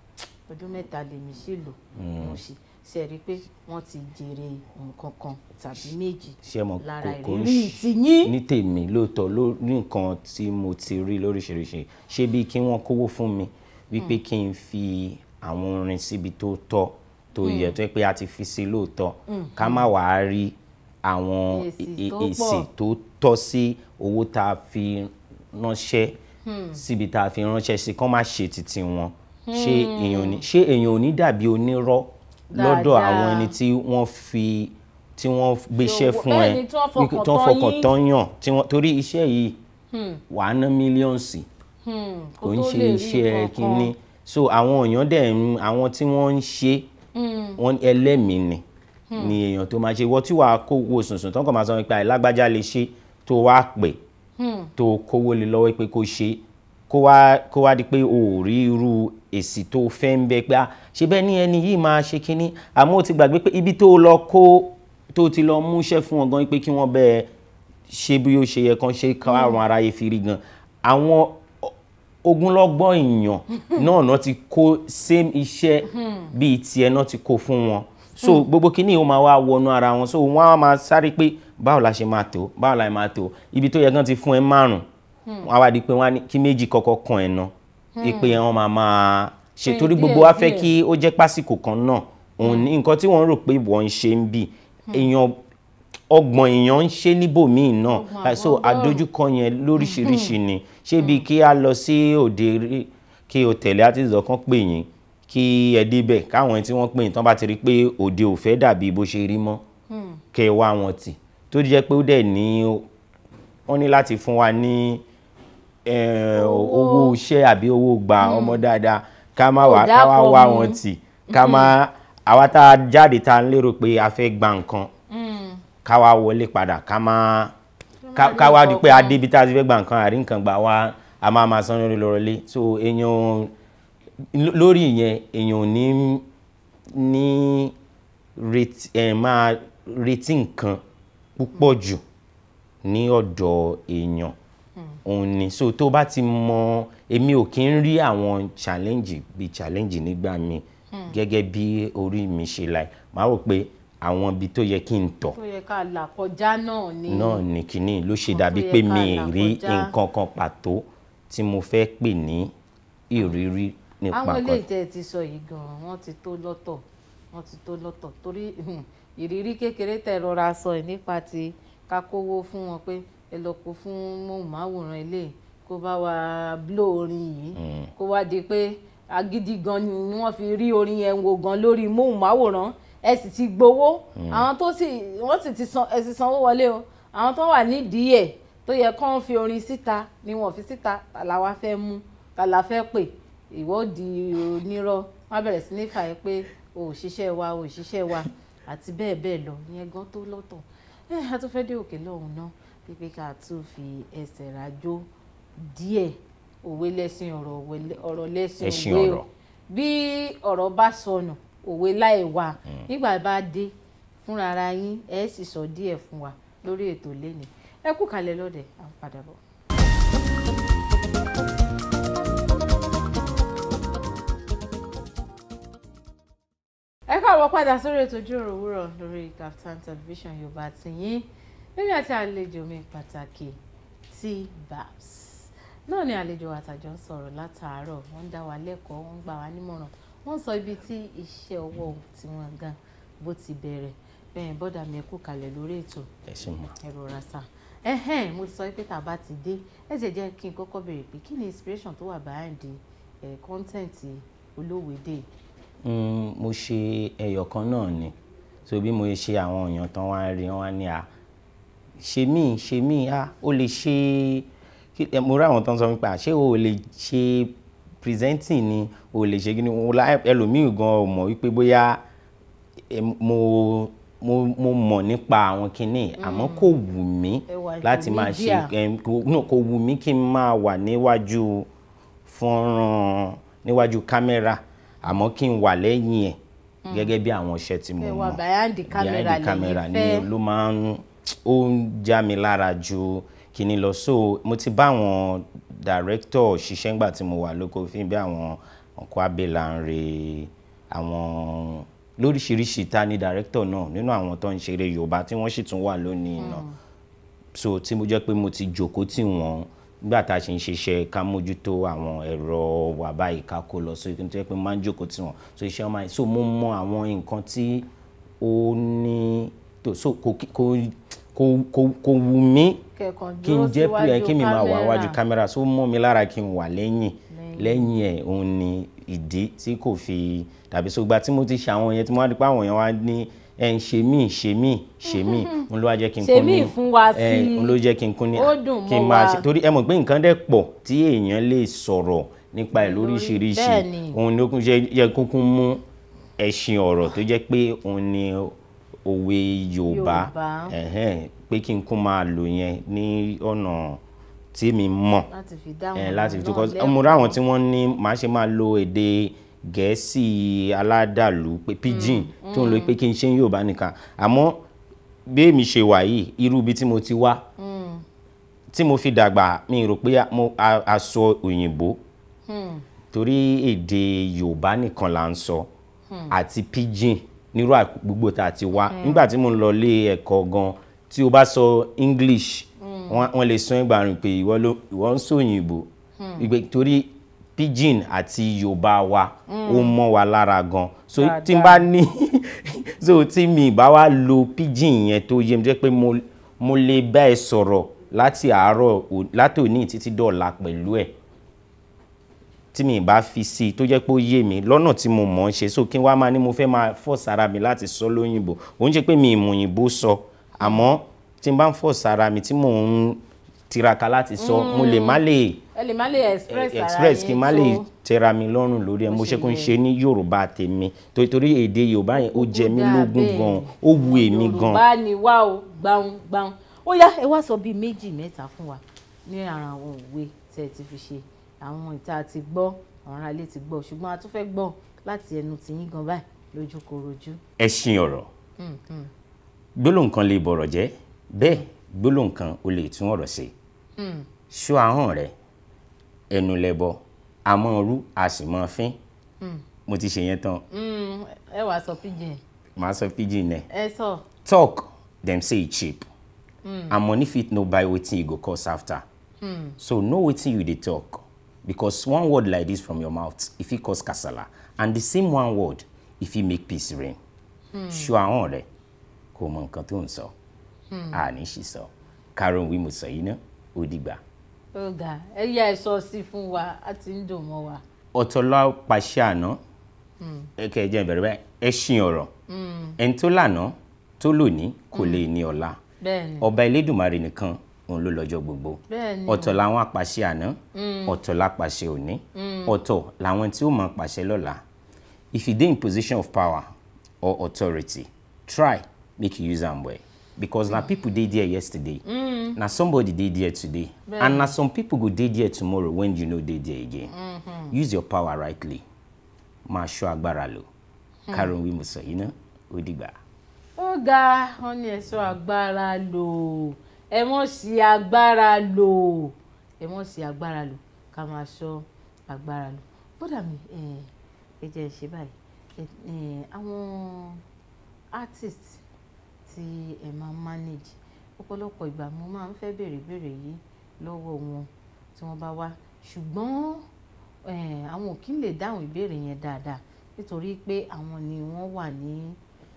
ọdún mẹ́ta lèmi hmm. sì lò mo ṣe ṣe rí i pé wọ́n ti jèrè nǹkan kan tàbí méjì lára ìrírí ìtìyín. ní tèmi lóòótọ́ ló ní nǹkan tí mo ti rí lóríṣiríṣi ṣé bí kí wọ́n kówó fún mi wípé hmm. kí n fi àwọn orin síbi tó tọ́ tó hmm. yẹ tó yẹ pé a ti fi sí lóòótọ́ ká má wàá rí àwọn èsì e- e- tó tọ́ sí owó tá a fi ránṣẹ́ síbi tá a fi ránṣẹ́ sí kán má ṣe títí wọn ṣé hmm. èèyàn ní ṣé èèyàn ò ní dàbí onírọ́ lọ́dọ̀ àwọn ẹni tí wọ́n fi tí wọ́n gbéṣẹ́ fún ẹ tí wọ́n fọkàn tán yàn torí iṣẹ́ yìí hmm. wàá ná mílíọ̀nsì hmm. kò ń ṣe iṣẹ́ kínní so àwọn èèyàn dẹ̀ àwọn tí wọ́n ń ṣe wọ́n ẹlẹ́mìí ni ni èèyàn tó máa ṣe wọ́n tí wàá kó wo sùnsùn tán kàn máa sọ nípa ìlágbájá lè ṣe tó wàá pè tó kówó lè lọ́wọ́ pé kó ṣe kó wá di pé o irú èsì tó fẹ́ ń bẹ pé ah, ṣe bẹ́ẹ̀ ni ẹni yìí máa ṣe kínní àmọ́ ó ti gbàgbé pé ibi tó lọ kó tó ti lọ múṣẹ́ fún wọn gan pé kí wọ́n bẹ́ẹ̀ ṣe bí ó ṣe yẹ kan ṣe karùn ara yìí fi gan àwọn ogunlọ́gbọ̀n èèyàn náà náà ti kó same iṣẹ́ bíi tiẹ̀ náà ti kó fún wọn so gbogbo kínní ó máa wá wọnú ara wọn so wọ́n á máa sáré pé báwo la ṣe máa tó báwo la ṣe máa tó ibi tó yẹ kán ti fún ẹ márùn-ún wọ́n á wá di pé wọ́n á ní kí méjì kọ́kọ́ kan ẹ̀ náà Hmm. ìpè wọn máa máa ṣe torí gbogbo wa fẹ́ kí ó jẹ́ pásìkò kan náà òun hmm. ní nǹkan tí wọ́n rò pé wọ́n ń ṣe ń bì hmm. èèyàn ọgbọ̀n èèyàn ń ṣe níbòmíì náà so àdójúkọ yẹn lóríṣiríṣi ni ṣé bíi kí a lọ sí òde kí o tẹ̀lé àtìzọ́ kan pè yín kí ẹ débẹ̀ káwọn tí wọ́n pè yín tán bá ti rí pé òde ò fẹ́ dàbí bó ṣe rí mọ́ kẹ wọn tì tó jẹ́ pé ó dẹ̀ ní wọ́n ní láti fún wa ní. Eh, owó iṣẹ́ àbí owó gba hmm. ọmọ dáadáa ká má wá ká wá wá wọn tì hmm. ká má àwa tá a jáde tá a ń lérò pé a fẹ́ gba nǹkan hmm. ká wá wọlé padà ká má ká wá di pé a débi tá a ti fẹ́ gba nǹkan àrí nǹkan gbà wá a máa máa san lórí lọ́rọ́ so èèyàn lórí ìyẹn èèyàn ò ní ní retí ẹ̀ eh, máa retí nǹkan púpọ̀ jù ní ọ̀dọ̀ èèyàn òun ni so tó bá ti mọ èmi ò kí ń rí àwọn challenge bíi challenge nígbà mi hmm. gẹ́gẹ́ bí orí mi ṣe láì máa wò pé àwọn ibi tó yẹ kí n tọ̀. tó yẹ ká là kọjá náà ni. náà ni kínní ló ṣe dàbí pé mi ì rí nǹkan kan pàtó tí mo fẹ́ pè ní ìrírí nípa kan. àwọn ilé ìtẹ́ ti sọ yìí gan-an wọ́n ti tó lọ́tọ̀ wọ́n ti tó lọ́tọ̀ torí hmm, ìrírí kékeré tẹ̀ rọra sọ nípa ti ká fún wọn pé ẹ lọ kó fún móhùnmáwòrán ilé kó bá wa bló orin yìí hmm. kó wá di pé agídí gan ni wọ́n fi rí orin yẹn wò gan lórí móhùnmáwòrán ẹ sì ti gbowó hmm. àwọn tó sì wọ́n sì ti san ẹ sì sanwó wọlé o àwọn tó wà nídìí ẹ̀ tó yẹ kán fi orin síta ni wọ́n fi síta làwa fẹ́ mú tàlà fẹ́ pè ìwọ di onírọ́ wọ́n bẹ̀rẹ̀ sí ní fà ẹ́ pé òṣìṣẹ́ wa òṣìṣẹ́ wa àti bẹ́ẹ̀ bẹ́ẹ̀ lọ ìyẹn gan tó lọ́tọ̀ ẹ̀ a tún fẹ́ dé òkè lọ́hùn náà pípé ká tún fi ẹsẹ̀ rájò díẹ̀ òwe lẹ́sìn ọ̀rọ̀ ọ̀rọ̀ lẹ́sìn òwe o bí ọ̀rọ̀ bá sọnù òwe láì wà hmm. nígbà bá dé fúnra yín ẹ sì sọ díẹ̀ fún wa lórí ètò lẹ́nu ẹ kú kalẹ̀ lọ́dẹ̀ à ń padà bọ̀. ẹ káàbọ̀ padà sórí ètò ìjíròrò òwúrọ̀ lórí Kaftan television yorùbá tìyín lórí àti àlejò mi pàtàkì T-Babs náà ni àlejò àtàjọ ń sọ̀rọ̀ látàárọ̀ wọ́n ń dá wa lẹ́kọ̀ọ́ wọ́n ń gbà wá nímọ̀ràn wọ́n ń sọ ibi tí iṣẹ́ ọwọ́ tiwọn gan bó ti bẹ̀rẹ̀ bẹ́ẹ̀ bọ́dà mi kú kalẹ̀ lórí ètò ẹ̀rọ rasa mo sọ pé tàbá ti dé ẹ jẹ́ kí n kọ́kọ́ béèrè pé kí ni inspiration tó wà behind the content Olówódé. Hmm, mo ṣe ẹyọ kan náà ni so bí mo ṣe àwọn èèyàn tán wá rí wọn ní a ṣe mí ṣe mí a ó lè ṣe mo rí àwọn tó ń sọ nípa ṣé o lè ṣe presenting ni o lè ṣe gíní wọn ẹlòmíì gan ọ mọ̀ wípé bóyá mo mo mo mọ̀ nípa àwọn kinní àmọ́ kò mm. wù mí láti máa ṣe kò wù mí kí n máa wà níwájú fọ́nrán níwájú kámẹ́rà àmọ́ kí n wà lẹ́yìn ẹ̀ mm. gẹ́gẹ́ bí àwọn iṣẹ́ tí mo mọ̀ behind the camera ni ló máa ń ó ń já mi lára ju kìíní lọ so mo ti bá àwọn director ṣiṣẹ́ ńgbà tí mo wà lóko fi bí àwọn ọkọ̀ abẹ́lànre àwọn lóríṣiríṣi ta ni director náà nínú àwọn tó ń ṣeré Yorùbá tí wọ́n sì tún wà lónìí náà hmm. so tí mo jẹ́ pé mo ti jòkó tì wọ́n nígbà tá a ṣe ń ṣiṣẹ́ ká mójútó àwọn ẹ̀rọ wà báyìí kó lọ so ìpínlẹ̀ pé máa ń jòkó tì wọ́n so iṣẹ́ ọmọ yìí so mo mọ àwọn nǹkan tí ó ní tó so kò kò kò kò kò wù mí kí n jẹ́ pé kí mi máa wà wájú kámẹ́rà so mọ́ mi lára kí n wà lẹ́yìn lẹ́yìn ẹ̀ òun ni ìdí tí kò fi tàbí sọgbà tí mo ti ṣe àwọn yẹn tí mo wá di pé àwọn yẹn wá ní ẹ ń ṣe mí ṣe mí ṣe mí n ló jẹ́ kí n kún ní ṣe mí fún wa sí i n ló jẹ́ kí n máa ṣe torí ẹ mọ̀ pé nǹkan dẹ̀ pọ̀ tí èèyàn lè sọ̀rọ̀ nípa ẹ̀ lóríṣiríṣi òun ló yẹ kúnkún mú ẹṣin ọ̀rọ̀ tó jẹ́ pé òun ni òwe Yorùbá pé kí n kún máa lò yẹn ní ọ̀nà tí mi mọ̀ láti fi tó kọ́ mo ráwọn tí wọ́n ní màá ṣe máa lo èdè gẹ̀ẹ́sì aládàlú pé pidgin mm, tó ń lo mm. pé kí n ṣe ń Yorùbá nìkan àmọ́ bí èmi ṣe wà yìí irú ibi tí mo ti wá mm. tí mo fi dàgbà mi rò pé a sọ òyìnbó hmm. torí èdè Yorùbá nìkan là ń sọ hmm. àti pidgin. Hmm nírú àgbègbè tá a ti wá mm. nígbà tí mo ń lọ ilé ẹ̀kọ́ gan tí o bá sọ English mm. wọ́n lè sọ ìgbà rìn pé ìwọ ń sòyìnbó mm. ìgbè torí pidgin àti Yorùbá wa ó mọ́ wa lára gan so tí n bá ní so tí mi bá wá lo pidgin yẹn tó yé mi jẹ́ pé mo lè bá ẹ sọ̀rọ̀ láti àárọ̀ láti òní títí dọ̀la pẹ̀lú ẹ̀ tí mi bá fi sí i tó jẹ́ pé ó yé mi lọ́nà tí mo mọ̀ ọ́n ṣe so kí n wá máa ní mo fẹ́ máa force ara mi láti sọ lóyìnbó òun ṣe pé mi ìmọ̀ òyìnbó sọ àmọ́ tí n bá ń force ara mi tí mò ń tiraka láti sọ mm. mo lè má lè express kí n má lè tẹra mi lọ́rùn lórí ẹ̀ mo ṣe kó ń ṣe ní yorùbá tèmi torí èdè yorùbá yẹn ó jẹ mí lógún gan ó wu èmi gan. yorùbá ni wá o gbàùn gbàùn ó yá ẹ wá sọ bíi méjì mẹ́ta fún wa ní ara òwe tẹ́ ẹ ti fi ṣe àwọn ìta ti gbọ́ àwọn aráalé ti gbọ́ ṣùgbọ́n a tún fẹ́ gbọ́ láti ẹnu tìyín gan báyìí lójú korojú. ẹṣin ọ̀rọ̀ hmm, hmm. gbólóhùn kan lè bọ̀rọ̀ jẹ́ bẹ́ẹ̀ gbólóhùn kan o lè tún ọ̀rọ̀ ṣe hmm. ṣó ahọ́n rẹ ẹnu lẹ́bọ amọ́rú a sì mọ́ fín mo ti ṣe yẹn tán. ẹ wàá sọ pidgin. màá sọ pidgin nẹ. ẹ sọ. talk dem say e cheap mm. and money fit no buy wetin e go cost after mm. so know wetin you dey talk because one word like this from your mouth if it cause kasala and the same one word if it make peace reign ṣọ́ ahọ́n rẹ kò mọ nǹkan tó ń sọ àní hmm. sì sọ karen wimusa sọ yìí náà ó dìgbà. ọ̀gá ẹ yá ẹ sọ sí fún wa a ti ń dùn mọ́ wa. ọ̀tọ̀lá pàṣẹ àná hmm. ẹ̀kẹ́ ẹ̀jẹ̀ bẹ̀rẹ̀ bẹ́ẹ̀ ẹṣin ọ̀rọ̀ hmm. ẹni tó lànà tó lónìí kò lè ní ọ̀la ọba Elédùmarè nìkan òun ló lọ́jọ́ gbogbo ọ̀tọ̀ làwọn apàṣẹ àná mm. ọ̀tọ̀ lápàṣẹ òní mm. ọ̀tọ̀ làwọn tí ó máa pàṣẹ lọ́la if you dey in position of power or authority try make you use am well because na mm. people dey there yesterday mm. na somebody dey there today yeah. and na some people go dey there tomorrow when you no dey there again mm -hmm. use your power rightly máa ṣọ́ agbára lò karen wimuso yìí ná ó dìgbà. ó ga wọn ní ẹ̀ṣọ́ agbára lò ẹ mọ̀ sí agbára lò ẹ mọ̀ sí agbára lò ká máa sọ agbára lò bọ́dà mi ẹ jẹ́ ṣe báyìí àwọn artist tí ẹ máa manage ọ̀pọ̀lọpọ̀ ìgbà mo máa ń fẹ́ béèrè béèrè yìí lọ́wọ́ wọn tí wọ́n bá wá ṣùgbọ́n àwọn ò kí ń lè dáhùn ìbéèrè yẹn dáadáa nítorí pé àwọn ni wọ́n wà ní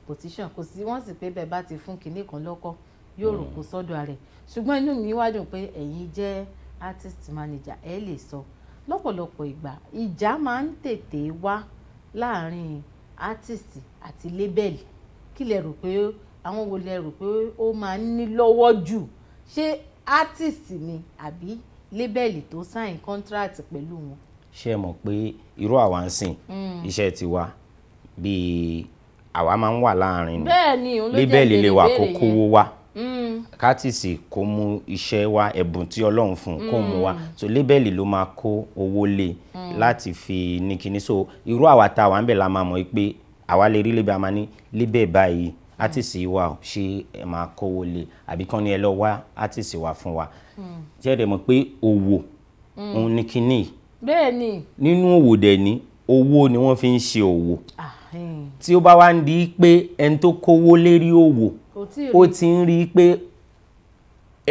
position kò sí wọ́n sì pé bẹ́ẹ̀ bá ti fún kinní kan lọ́kọ́ yóò hmm. ròkun sọ́dọ̀ rẹ̀ ṣùgbọ́n inú mi wá dùn pé ẹ̀yin jẹ́ artist manager ẹ lè sọ lọ́pọ̀lọpọ̀ ìgbà ìjà máa ń tètè wá láàrin artist àti label kí lẹ rò pé àwọn wo lẹ rò pé ó máa ń ní lọ́wọ́ jù ṣé artist ni àbí label tó sign contract pẹ̀lú wọn. ṣé ẹ mọ̀ pé irú àwa ń sìn hmm. iṣẹ́ tiwa bíi àwa máa ń wà láàrin ni label lè wà kó kówó wá ká tì sí kó mú iṣẹ́ wa ẹ̀bùn tí ọlọ́run fún kó mú wa mm. so lébẹ̀lì ló máa kó owó lé mm. láti fi ní kinní so irú àwa tá a wà ń bẹ̀ la máa mọ̀ pé àwa lè rí lébẹ̀ a máa ní lébẹ̀ báyìí átìsì wa ò ṣe ẹ máa kówó lé àbí kán ní ẹ lọ wá átìsì wa fún wa jẹ́ mm. rẹ̀ mọ̀ pé òwò òun ní kinní bẹ́ẹ̀ ni nínú òwò dẹ̀ ni owó ni wọ́n fi ń ṣe òwò ah, eh. tí ó bá wá ń di pé ẹni tó kówó lérí òwò ó ti ń rí i pé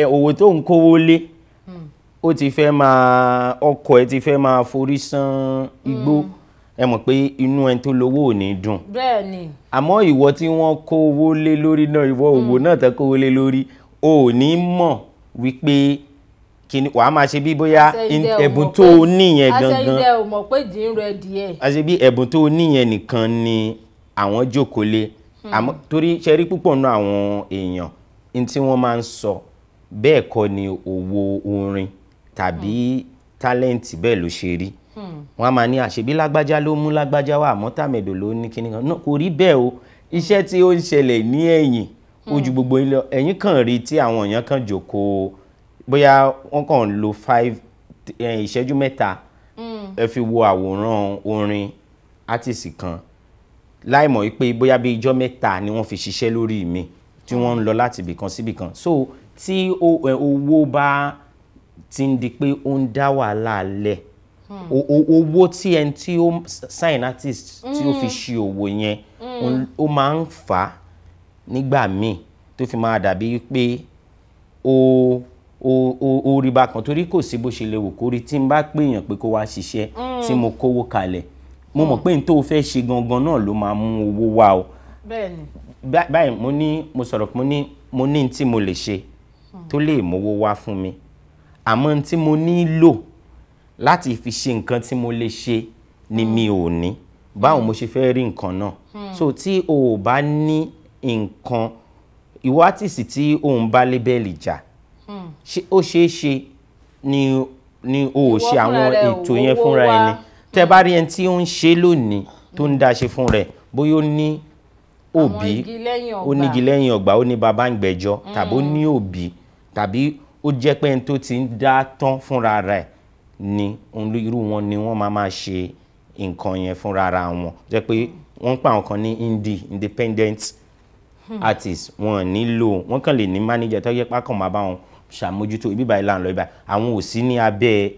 òwò tó ń kówó lé hmm. ó ti fẹ́ máa ọkọ̀ ẹ ti fẹ́ máa forí san igbó hmm. ẹ mọ̀ pé inú ẹ tó lówó ò ní dùn bẹ́ẹ̀ni àmọ́ ìwọ tí wọ́n kówó lé lórí náà ìwọ hmm. òwò náà tẹ́ kówó lé lórí o ò ní mọ̀ wípé kìnnì wàá máa ṣe bí bóyá ẹ̀bùn tó o níyẹn gangan àṣẹ ilẹ̀ ò mọ̀ pé jí rẹ díẹ̀ àṣẹ bí ẹ̀bùn tó o níyẹn nìkan ni àwọn jókòó lé Hmm. àmọ́ torí ṣe rí púpọ̀ nínú àwọn èèyàn ní tí wọ́n máa ń sọ bẹ́ẹ̀ kọ́ ni owó orin tàbí hmm. tálẹ́ǹtì bẹ́ẹ̀ ló ṣe rí hmm. wọ́n á máa ní àṣebí lágbájá ló mú lágbájá wá àmọ́ tàmẹ̀dò ló ní kíní kan náà kò rí bẹ́ẹ̀ o iṣẹ́ tí ó ń ṣẹlẹ̀ ní ẹ̀yìn ojú gbogbo ilé ẹ̀yìn kan rí tí àwọn èèyàn kan jókòó bóyá wọ́n kàn lo five ìṣẹ́jú mẹ́ta ẹ fi wo àwòrán orin átìsì kan láìmọ̀ wípé bóyá bí ijọ́ mẹ́ta ni wọ́n fi ṣiṣẹ́ lórí mi tí wọ́n ń lọ láti ibìkan sí ibìkan so tí owó bá ti ń di pé ó ń dá wàhálà lẹ̀ hmm. owó tí ẹni tí ó sign artist tí ó fi hmm. ṣe òwò yẹn hmm. ó máa ń fà á nígbà míì tó fi máa dàbí pé ó ó rí bákan torí kò sí bó ṣe lè wò kórí tí n bá pèèyàn pé kó wá ṣiṣẹ́ tí mo kówó kalẹ̀ mo mọ̀ hmm. pé n tó fẹ́ ṣe gangan náà ló máa mú owó wá o báyìí mo ní mo sọ̀rọ̀ mo ní mo ní tí mo lè ṣe hmm. tó lè mówó wá fún mi àmọ́ tí mo nílò láti fi ṣe nǹkan tí mo lè ṣe ni hmm. mi ò ní báwo mo ṣe fẹ́ rí nǹkan náà so tí o ò bá ní nǹkan ìwọ àtìsí tí òun bá lébẹ́lì jà ó ṣeé ṣe ni o ò ṣe àwọn ètò yẹn fúnra ẹni tẹ bá rí ẹni tí ó ń ṣe lónìí tó ń dá ṣe fún rẹ̀ bóyá ó ní òbí ó nígi lẹ́yìn ọgbà ó ní bàbá ń gbẹ̀jọ́ mm. tàbí ó ní òbí tàbí ó jẹ́ pé ẹni tó ti ń dá tán fúnra rẹ̀ ni irú wọn ni wọ́n máa máa ṣe nǹkan yẹn fúnra ara wọn jẹ́ pé wọ́n ń pa àwọn kan ní indie independent hmm. artist. artists wọn nílò wọ́n kàn lè ní manager tó yẹ pákàn máa bá wọn ṣàmójútó ibi báyìí là ń lọ ibà àwọn ò sí ní abẹ́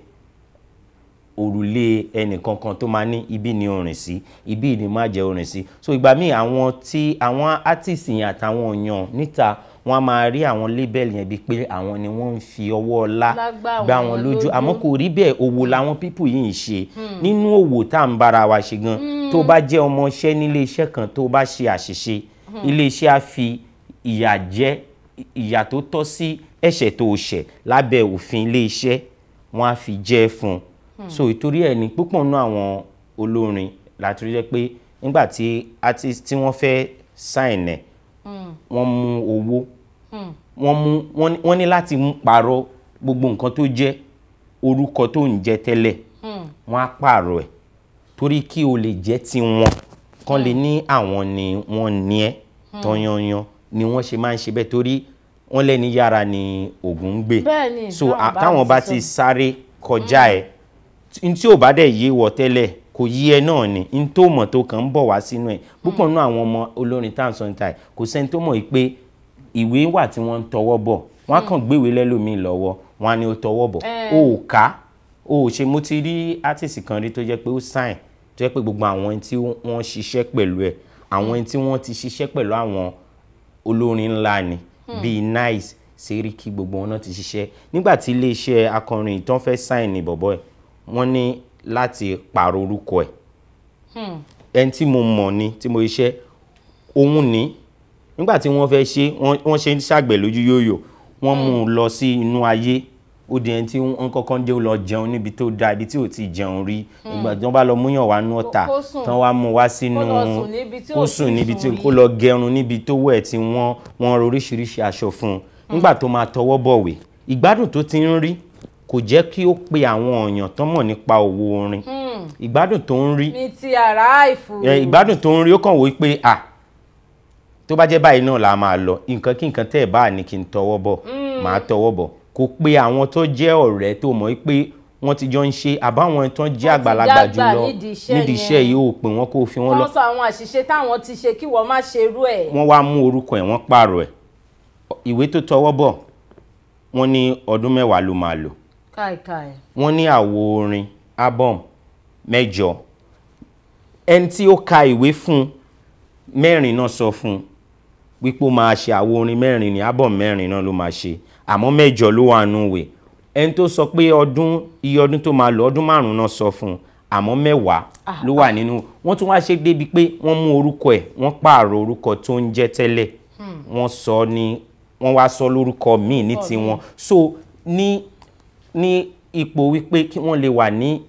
òrùlé ẹnìkankan tó máa ní ibi ni orin sí ibi ni má jẹ́ orin sí so ìgbà míì àwọn tí àwọn artist yẹn àtàwọn èèyàn níta wọ́n á máa rí àwọn label yẹn bíi pé àwọn ni wọ́n ń fi ọwọ́ ọlá gbá wọn lójú àmọ́ kò rí bẹ́ẹ̀ òwò làwọn pípù yìí ń ṣe hmm. nínú òwò tá à ń bára wa ṣe gan tó hmm. bá jẹ́ ọmọọṣẹ́ nílé iṣẹ́ kan tó bá ṣe àṣìṣe hmm. ilé iṣẹ́ á fi ìyà jẹ ìyà tó tọ́ sí ẹ̀ṣẹ̀ tó ṣẹ̀ lábẹ́ òfin ilé iṣẹ́ wọ́n á fi jẹ fún un Hmm. so ìtorí ẹ̀ ní púpọ̀ nínú àwọn olórin láti rí jẹ́ pé nígbà tí artist tí wọ́n fẹ́ sign ẹ̀ hmm. wọ́n mú owó hmm. wọ́n mú wọ́n ní láti pààrọ̀ gbogbo nǹkan tó jẹ́ orúkọ tó ń jẹ́ tẹ́lẹ̀ wọ́n á pààrọ̀ ẹ̀ torí kí o lè jẹ́ tiwọn kán lè ní àwọn ni wọ́n ní ẹ́ tanyanyan ni wọ́n ṣe máa ń ṣe bẹ́ẹ̀ torí wọ́n lẹ́ni yára ni ògùn ń gbé so táwọn bá ti sáré kọjá ẹ̀. Mm tí ò bá dẹ̀ yé wọ tẹ́lẹ̀ kò yí ẹ náà ni n tó mọ̀ tó kàn ń bọ̀ wá sínú ẹ̀ púpọ̀ nínú àwọn ọmọ olórin tá à ń sọ níta ẹ̀ kò sẹ́ni tó mọ̀ pé ìwé wà tí wọ́n ń tọwọ́ bọ̀ wọ́n á kàn hmm. gbéwèé lẹ́lòmíì lọ́wọ́ wọn á ní ó tọwọ́ bọ̀ eh. o ò ká o ò ṣe mo ti rí átìsì kan rí tó jẹ́ pé ó sign tó jẹ́ pé gbogbo àwọn tí wọ́n ṣiṣẹ́ pẹ̀lú ẹ̀ àwọn tí wọ́n ti ṣiṣẹ́ pẹ̀lú àwọn olórin ńlá ni hmm. bíi nice Seriki gbogbo wọn náà ti ṣiṣẹ́ nígbà tí iléeṣẹ́ akọrin ìtàn fẹ́ sign ni bọ̀bọ̀ ẹ̀ wọ́n ní láti pààrọ̀ orúkọ ẹ̀ hmm. ẹni tí mo mọ̀ ni tí mo ṣiṣẹ́ òun ni nígbà tí wọ́n fẹ́ ṣe wọ́n ṣe ń ṣàgbẹ̀ lójú yóyò wọ́n mú hmm. un lọ sí inú ayé ó di ẹni tí wọ́n kọ́kọ́ ń dé lọ jẹun níbi tó da ibi tí ò ti jẹun rí hmm. ìgbà tí wọ́n bá lọ múyàn wá nú ọ̀tà tán wá mú wá sínú kó sùn níbi tí kó lọ gẹrun níbi tó wẹ̀ tí wọ́n wọ́n oríṣiríṣi aṣọ fún un nígbà tó máa tọwọ́ bọ̀wé ìgbádùn tó ti ń rí kò jẹ́ kí ó pe àwọn èèyàn tó mọ̀ nípa òwò orin hmm. ìgbádùn tó ń rí ní ti ara ìfòòró ìgbádùn tó ń rí ó kàn wí pé à tó bá jẹ́ báyìí náà la máa lọ nǹkan kí nǹkan tẹ́ ẹ̀ bá ní kí n tọwọ́ bọ̀ máa hmm. tọwọ́ bọ̀ kò pe àwọn tó jẹ́ ọ̀rẹ́ tó mọ̀ pé wọ́n ti jọ ń ṣe àbáwọn tó ń jẹ́ àgbàlagbà jùlọ nídìí iṣẹ́ yìí ò pé wọ́n kó fi wọ́n lọ. wọ́n wá mú orúkọ ẹ̀ wọ́n pààrọ̀ ẹ̀ ìwé tó tọwọ́ bọ̀ wọ́n ní ọdún mẹ́wàá ló máa lò káìkáì. wọ́n ní àwo orin album mẹ́jọ ẹni tí ó ka ìwé fún mẹ́rin náà sọ fún wípé ó máa ṣe àwo orin mẹ́rin ní album mẹ́rin náà ló máa ṣe àmọ́ mẹ́jọ ló wà nù wẹ̀ ẹni tó sọ pé ọdún iye ọdún tó máa lò ọdún márùn-ún náà sọ fún un àmọ́ mẹ́wàá ah, ló wà nínú wọ́n tún wáá ṣe débi pé wọ́n mú orúkọ ẹ̀ wọ́n pààrọ̀ orúkọ tó ń jẹ́ tẹ́lẹ̀ hmm. wọ́n sọ ní wọ́n wá sọ lórúkọ míì ní tiwọn so ní ní ipò wípé kí wọ́n lè wà ní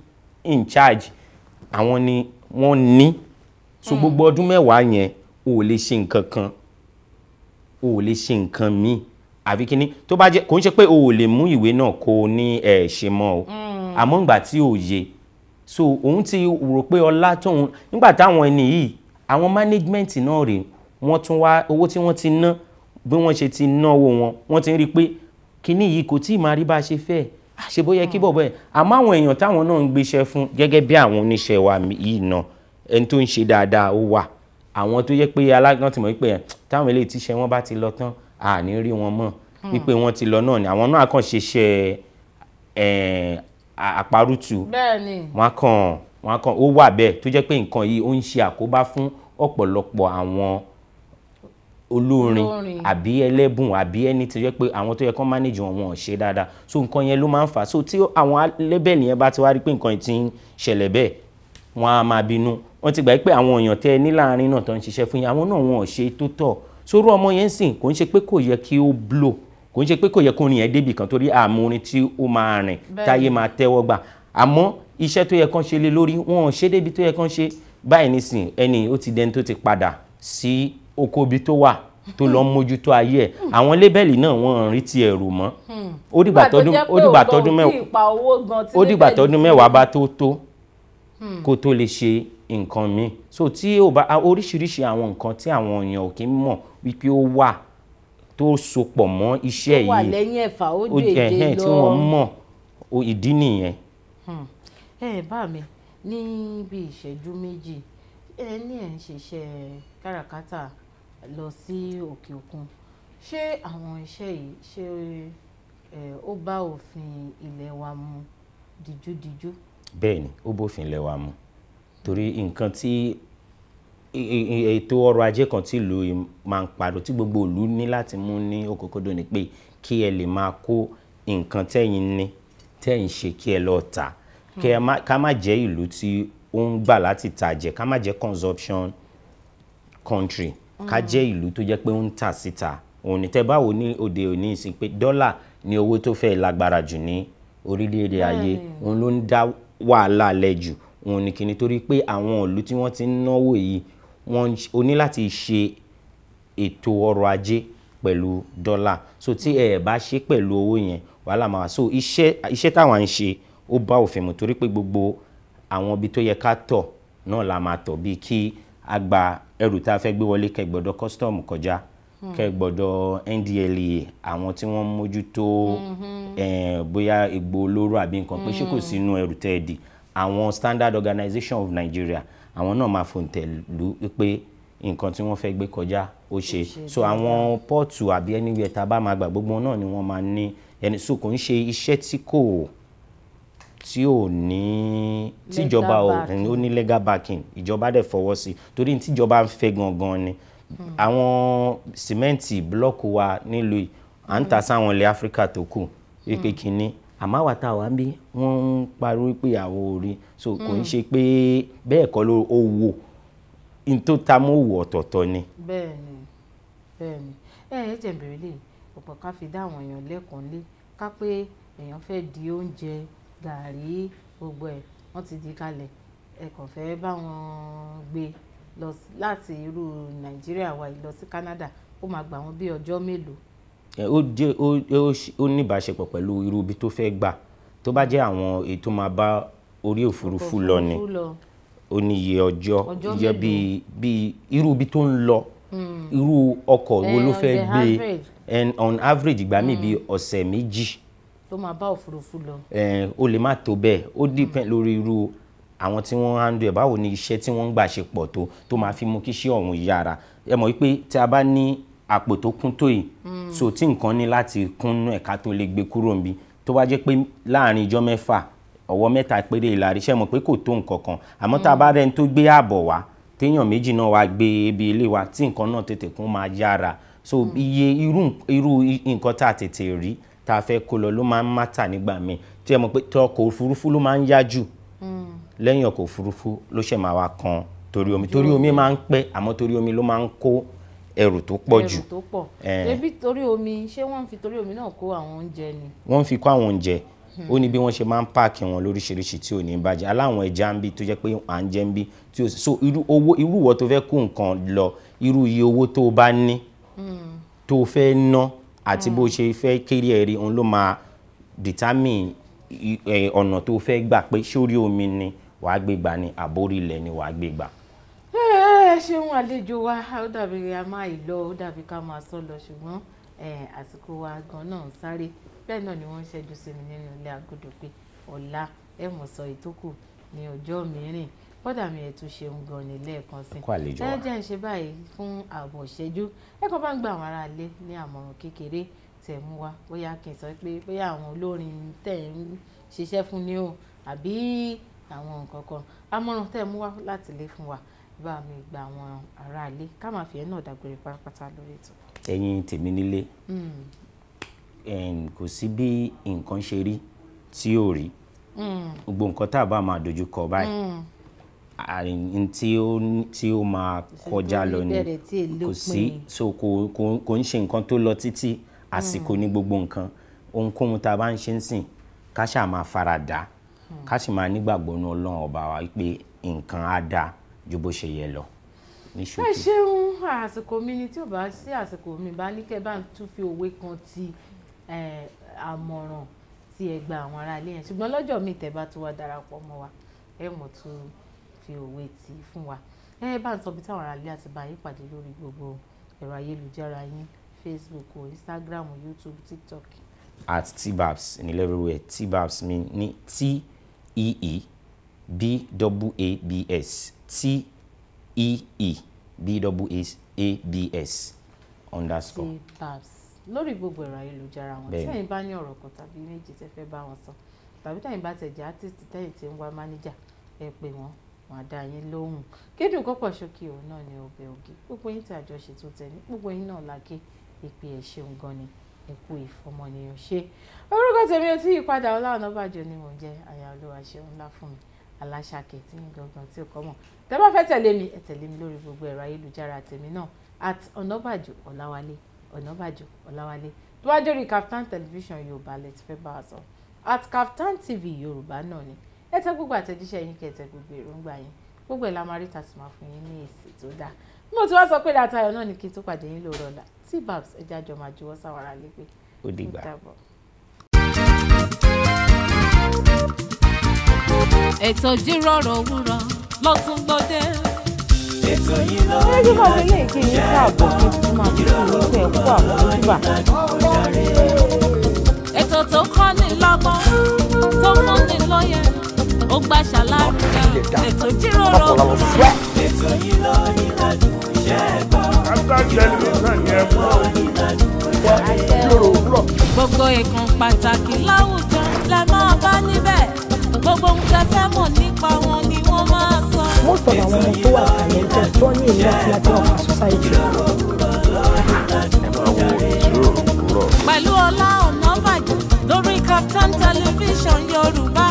in charge àwọn ni wọ́n ní so hmm. gbogbo ọdún mẹ́wàá yẹn o ò lè ṣe nǹkan kan o ò lè ṣe nǹkan míì àbí kíní tó bá jẹ́ kò ń ṣe pé o ò lè mú ìwé náà kó o ní ẹ̀ ṣe mọ́ o hmm. àmọ́ ìgbà tí ò yé so òun ti rò pé ọlá tóun nígbà táwọn ẹni yìí àwọn management náà rè wọ́n tún wá owó tí wọ́n ti ná bí wọ́n ṣe ti náwó wọn wọ́n ti ń rí i pé kíní yìí kò tí ì máa rí bá a ṣe fẹ́ẹ́ ṣe bó yẹ kí bọ̀bọ̀ yẹn àmọ́ àwọn èèyàn táwọn náà ń gbéṣẹ́ fún gẹ́gẹ́ bí àwọn oníṣẹ́ wa yìí nà ẹni tó ń ṣe dáadáa ó wà àwọn tó yẹ pé alágbọ́n ti mọ̀ wípé táwọn eléyìí tíṣẹ́ wọn bá ti lọ tán àní rí wọn mọ̀ hmm. wípé wọ́n ti lọ náà ni àwọn náà kàn ṣeṣẹ́ àparùtù wọn kàn wọn kàn ó wà bẹ́ẹ̀ tó jẹ́ pé nǹkan yìí ó ń ṣe àkóbá fún ọ̀pọ̀lọpọ̀ àwọn olórin àbí ẹlẹ́bùn àbí ẹni tó yẹ pé àwọn tó yẹ kán manage wọn wọn ò ṣe dáadáa so nǹkan yẹn ló máa ń fà so tí àwọn lẹ́bẹ̀lì yẹn bá ti wá rí pé nǹkan ti ń ṣẹlẹ̀ bẹ́ẹ̀ wọ́n á máa bínú wọ́n ti gbà pé àwọn èèyàn tẹ́ ẹ ní láàrin náà tó ń ṣiṣẹ́ fún yín àwọn náà wọn ò ṣe tó tọ́ sórú ọmọ yẹn sìn kò ń ṣe pé kò yẹ kí ó blow kò ń ṣe pé kò yẹ kó rìn ẹ́ débì kan torí àmúrin tí ó máa rìn táyé máa tẹ́wọ́ gbà àmọ́ iṣẹ́ tó yẹ kán ṣe lé lórí wọn ò ṣe débi tó yẹ kán ṣe báyìí nísìn ẹni ó ti dẹni tó ti padà sí oko ibi tó wà tó lọ mójútó ayé ẹ̀ hmm. àwọn lébẹ̀lì náà wọ́n rí ti ẹ̀rù mọ́ hmm. ó dìgbà tọdún ó dìgbà tọdún mẹ́wàá ó dìgbà tọdún mẹ́wàá bá tó tó hmm. kó tó lè ṣe nǹkan míì so tí ó bá oríṣiríṣi àwọn nǹkan tí àwọn èèyàn ò kí ń mọ̀ wípé ó wà tó sopọ̀ mọ́ iṣẹ́ yìí ó wà lẹ́yìn ẹ̀fà ó dèjé lọ tí wọ́n mọ̀ ìdí nìyẹn. ẹ bá mi ní ìṣẹ́jú méjì ẹ ní ẹ̀ ń ṣiṣẹ́ káràkátà lọ sí òkè òkun ṣé àwọn iṣẹ́ yìí ṣé ó bá òfin ilé wa mu díjúdíjú. bẹ́ẹ̀ni ó bófin ilé wa mu torí nǹkan tí ètò ọrọ̀ ajé kan tí ìlú máa ń pariwo tí gbogbo ìlú ní láti mú ní òkòkòdò ni pé kí ẹ lè máa kó nǹkan tẹ́yìn ní tẹ́yìn ṣe kí ẹ lọ tà ká má jẹ́ ìlú tí ó ń gbà láti tàjẹ̀ ká má jẹ́ consumption country ká mm. jẹ́ ìlú tó jẹ́ pé ó ń tà síta òun ní tẹ́ báwo ní òde òní ìsìn pé dọ́là ni owó tó fẹ́ lágbára jù ní orílẹ̀-èdè ayé òun ló ń dá wàhálà lẹ̀ jù òun ní kìíní torí pé àwọn ìlú tí wọ́n ti ń náwó yìí wọ́n o ní láti ṣe ètò ọrọ̀ ajé pẹ̀lú dọ́là so tí ẹ bá ṣe pẹ̀lú owó yẹn wàhálà máa so iṣẹ́ iṣẹ́ táwọn ń ṣe ó bá òfin mu torí pé gbogbo àwọn ibi tó yẹ ká tọ̀ náà la máa tọ̀ bíi kí a gba ẹrù tá a fẹ́ gbé wọlé kẹ́ gbọ́dọ̀ custom kọjá hmm. kẹ́ gbọ́dọ̀ NDLEA àwọn tí wọ́n mójútó hmm. bóyá egbò olóró àbí nǹkan pé ṣé kò hmm. sínú ẹrù tẹ́ ẹ dì àwọn Standard Organization of Nigeria àwọn náà máa fòǹtẹ̀ lù pé nǹkan tí wọ́n fẹ́ gbé kọjá ó ṣe so àwọn pọ́ọ̀tù àbí ẹni yẹta bá máa gbà gbogbo náà ni wọ́n máa ní ẹni so kò ń ṣe iṣẹ́ tí kò tí ò ní tíjọba ò ní legal backing ìjọba dẹ̀ fọwọ́ sí torí tíjọba ń fẹ́ gangan ni hmm. àwọn sìmẹ́ǹtì búlọ́ọ̀kù wa nílùú yìí à ń ta hmm. sáwọn ilẹ̀ áfíríkà tó kù wípé hmm. kínní àmọ́ àwa tá a wá ń bí wọ́n ń pariwo pé àwọn ò so kò ń ṣe pé bẹ́ẹ̀ kọ́ ló ó wò tó ta mọ́ òwò ọ̀tọ̀ọ̀tọ̀ ni. bẹ́ẹ̀ni bẹ́ẹ̀ni ẹ ẹ jẹ bẹ̀rẹ̀ lè ọ̀pọ̀ ká fi dá àwọn èèyàn lẹ́kọ̀ọ́ lé ká pé èèyàn fẹ́ di oúnjẹ gàárì gbogbo ẹ̀ wọ́n ti di kalẹ̀ ẹ kàn fẹ́ bá wọn gbé lọ láti irú nàìjíríà wa lọ sí Canada ó máa gbà wọ́n bí ọjọ́ mélòó. ó jẹ́ ó ní ìbáṣepọ̀ pẹ̀lú irú ibi tó fẹ́ gbà tó bá jẹ́ àwọn èyí tó máa bá orí òfurufú lọ ni ó ní iye ọjọ́ iye bíi irú ibi tó ń lọ hmm. irú ọkọ̀ wo ló eh, fẹ́ gbé on average ìgbà míì hmm. bíi ọ̀sẹ̀ méjì. Mm ló máa bá òfurufú lọ. ẹ o lè má tó bẹ́ẹ̀ ó dìpẹ́ lórí irú àwọn tí wọ́n handle ẹ̀ báwo ni iṣẹ́ tí wọ́n ń gbà ṣe pọ̀ tó tó máa fi mú kí iṣẹ́ ọ̀hún yára ẹ mọ̀ wípé tí a bá ní àpò tó kún tó yìí hmm. so tí nǹkan ní láti kún ẹ̀ka tó lè gbé kúrò níbi tó bá jẹ́ pé láàrin ìjọ́ mẹ́fà ọ̀wọ́ mẹ́ta péré ìlàrí iṣẹ́ mọ̀ pé kò tó nǹkan kan àmọ́ tá a bá hmm. rẹ́ni tó gbé ààbọ̀ wá téèyàn méjì náà wá gbé ebi ilé wa tí nǹkan náà tètè kún máa yára so hmm. iye irú nǹkan tá a tètè rí tá a fẹ́ kó lọ ló máa ń mátà nígbà míì tí ẹ mọ̀ pé tí ọkọ̀ òfurufú ló máa ń yá jù hmm. lẹ́yìn ọkọ̀ òfurufú ló ṣẹ̀ máa wá kan torí omi torí omi máa ń pẹ́ àmọ́ torí omi ló máa ń kó ẹrù tó pọ̀ jù. ẹrù tó pọ̀ ebi torí omi ṣé wọ́n ń fi torí omi náà kó àwọn oúnjẹ ni. wọ́n ń fi kó àwọn oúnjẹ hmm. ó ní bí wọ́n ṣe máa ń páàkì wọn lóríṣiríṣi tí ò ní bàjẹ́ aláwọn ẹja ń bí tó jẹ́ pé à ń jẹ ń bí tí ó so irú owó irú ìwọ tó fẹ́ kó nǹkan lọ irú iye owó tó o bá ní hmm. tó o fẹ́ ná àti hmm. bó ṣe fẹ́ kéré ẹ̀ òun ló máa determine ọ̀nà tó fẹ́ gbà pé sórí omi ni wàá gbé gbà ni àbórí ilẹ̀ ni wàá gbé gbà. ẹ ṣeun àlejò wa ó dàbí a máa ì lọ ó dàbí ká máa sọ lọ ṣùgbọ́n àsìkò wa gan náà ń sáré bẹ́ẹ̀ náà ni wọ́n ń ṣẹ́jú sí mi nínú ilé agodo pé ọ̀la ẹ̀ ìtókù ní ọjọ́ mìíràn bọ́dà mi ẹ̀ tún ṣeun gan ni lẹ́ẹ̀kan sí i ẹ jẹ́ ń ṣe báyìí fún ààbọ̀ ìṣẹ́jú ẹ kọ́ bá ń gba àwọn ará ilé ní àmọ̀ràn kékeré tẹ̀ ń wá bóyá kì sọ pé bóyá àwọn olórin tẹ̀ ń ṣiṣẹ́ fún ni o àbí àwọn nǹkan kan àmọ̀ràn tẹ̀ ń wá láti lé fún wa bá mi gba àwọn ará ilé ká máa fi ẹ̀ náà dàgbére pátápátá lórí ètò. ẹ̀yin tèmi nílé hmm. kò sí bí nǹkan ṣe rí tí ò rí hmm. gbogbo nǹkan tá a bá máa dojú kọ báyìí hmm àrùn tí ó tí ó máa kọjá lọ ni kò sí so kò kò kò ń ṣe nǹkan tó lọ títí àsìkò hmm. ní gbogbo nǹkan ohunkóhun tá a bá ń ṣe ń sìn ká ṣáà máa fara dà hmm. ká sì máa nígbàgbọ́ ní ọlọ́run ọba wa pé nǹkan á dáa ju bó ṣe yẹ lọ ní ṣókí. ẹ ṣeun àsìkò mi ni tí ò bá sí àsìkò mi bá ní kẹ́ bá tún fi òwe kan ti àmọ̀ràn tí ẹ àwọn aráalé yẹn ṣùgbọ́n lọ́jọ́ mi tẹ́ bá tún wá darapọ̀ mọ́ wa ẹ mọ̀ tún fi òwe tì í fún wa ẹ bá ń sọ bí táwọn aráalé àti báyìí pàdé lórí gbogbo ẹ̀rọ ayélujára yín facebook o instagram o youtube tiktok. at tbabs ní everywhere tbabs mi ní t e e b a b s t e e b a b s underscore. tbabs lórí gbogbo ẹ̀rọ ayélujára wọn tí ẹ̀yin bá ní ọ̀rọ̀ kan tàbí méjì tẹ́ fẹ́ bá wọn sọ tàbí tẹ̀yin bá tẹ̀jẹ̀ artist tẹ̀yin tí ń wá mánéjà ẹ pè wọ́n máa dá yín lóhùn kédùn kọ́pọ̀ ṣókí òun náà ni ọbẹ̀ ògì gbogbo yín tí àjọṣe tó tẹ̀ ní gbogbo yín náà lágé ìpè ẹ̀ ṣeun gan ni ẹ̀kú ìfọmọnìyàn ṣe orúkọ tèmi ò tí ì padà Ọlá Ọ̀nàbàjọ́ ni mò ń jẹ́ àyà olúwa ṣeun ńlá fún mi aláṣàkẹ́ tí ń gbọ̀ngàn tí ò kọ́ mọ̀ tẹ́ bá fẹ́ tẹ̀lé mi ẹ tẹ̀lé mi lórí gbogbo ẹ̀rọ ayélujára tèmi náà at Ọ̀nàbàjọ́ Ọláwálé Ọ̀nàbàjọ́ Ọláwálé tó wá dórí captain television Yorùbá lẹ́tí fẹ́ bá a sọ at captain TV Yorùbá náà ni ẹ tẹ gbogbo àtẹ̀jíṣẹ́ yín kí ẹ tẹ gbogbo èròǹgbà yín gbogbo ẹ̀ la máa rí tàtí máa fún yín ní èsì tó dáa bí mo ti wá sọ pé Dàtayọ̀ náà ni kí n tó pàdé yín lóòrọ̀ ọ̀la tí babs ẹja jọ máa juwọ́ sáwọn ará lépè. ó dìgbà ètò ìjíròrò òwúrọ̀ ló tún gbòde. ètò yìí ló ń yọ ilé ìkíni ní ààbò kí ètò tó kọ́ ni lọ́gbọ́n tó fún ni lóye gba ṣàlàyé ètò jíròrò òwúrọ̀ ètò yìí lọ ìlàdùn iṣẹ́ ẹ̀gbọ́n gbogbo ìkan pàtàkì láwùjọ la máa bá níbẹ̀ gbogbo ohun tẹ́ mọ̀ nípa wọn ni wọ́n máa sọ. most of àwọn ọmọ tó wà talented tó ní ìlú àti àti ọ̀fà society. pẹ̀lú Ọlá Ọ̀nàbàjọ lórí Kaftan television Yorùbá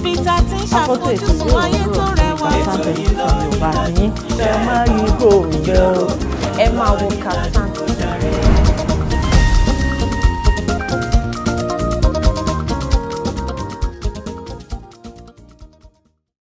níbi tá a ti ń ṣàfojúsùn ayé tó rẹwà. Kàtà ẹ máa yí kò ń bẹ́ o ẹ máa wo Kaftan.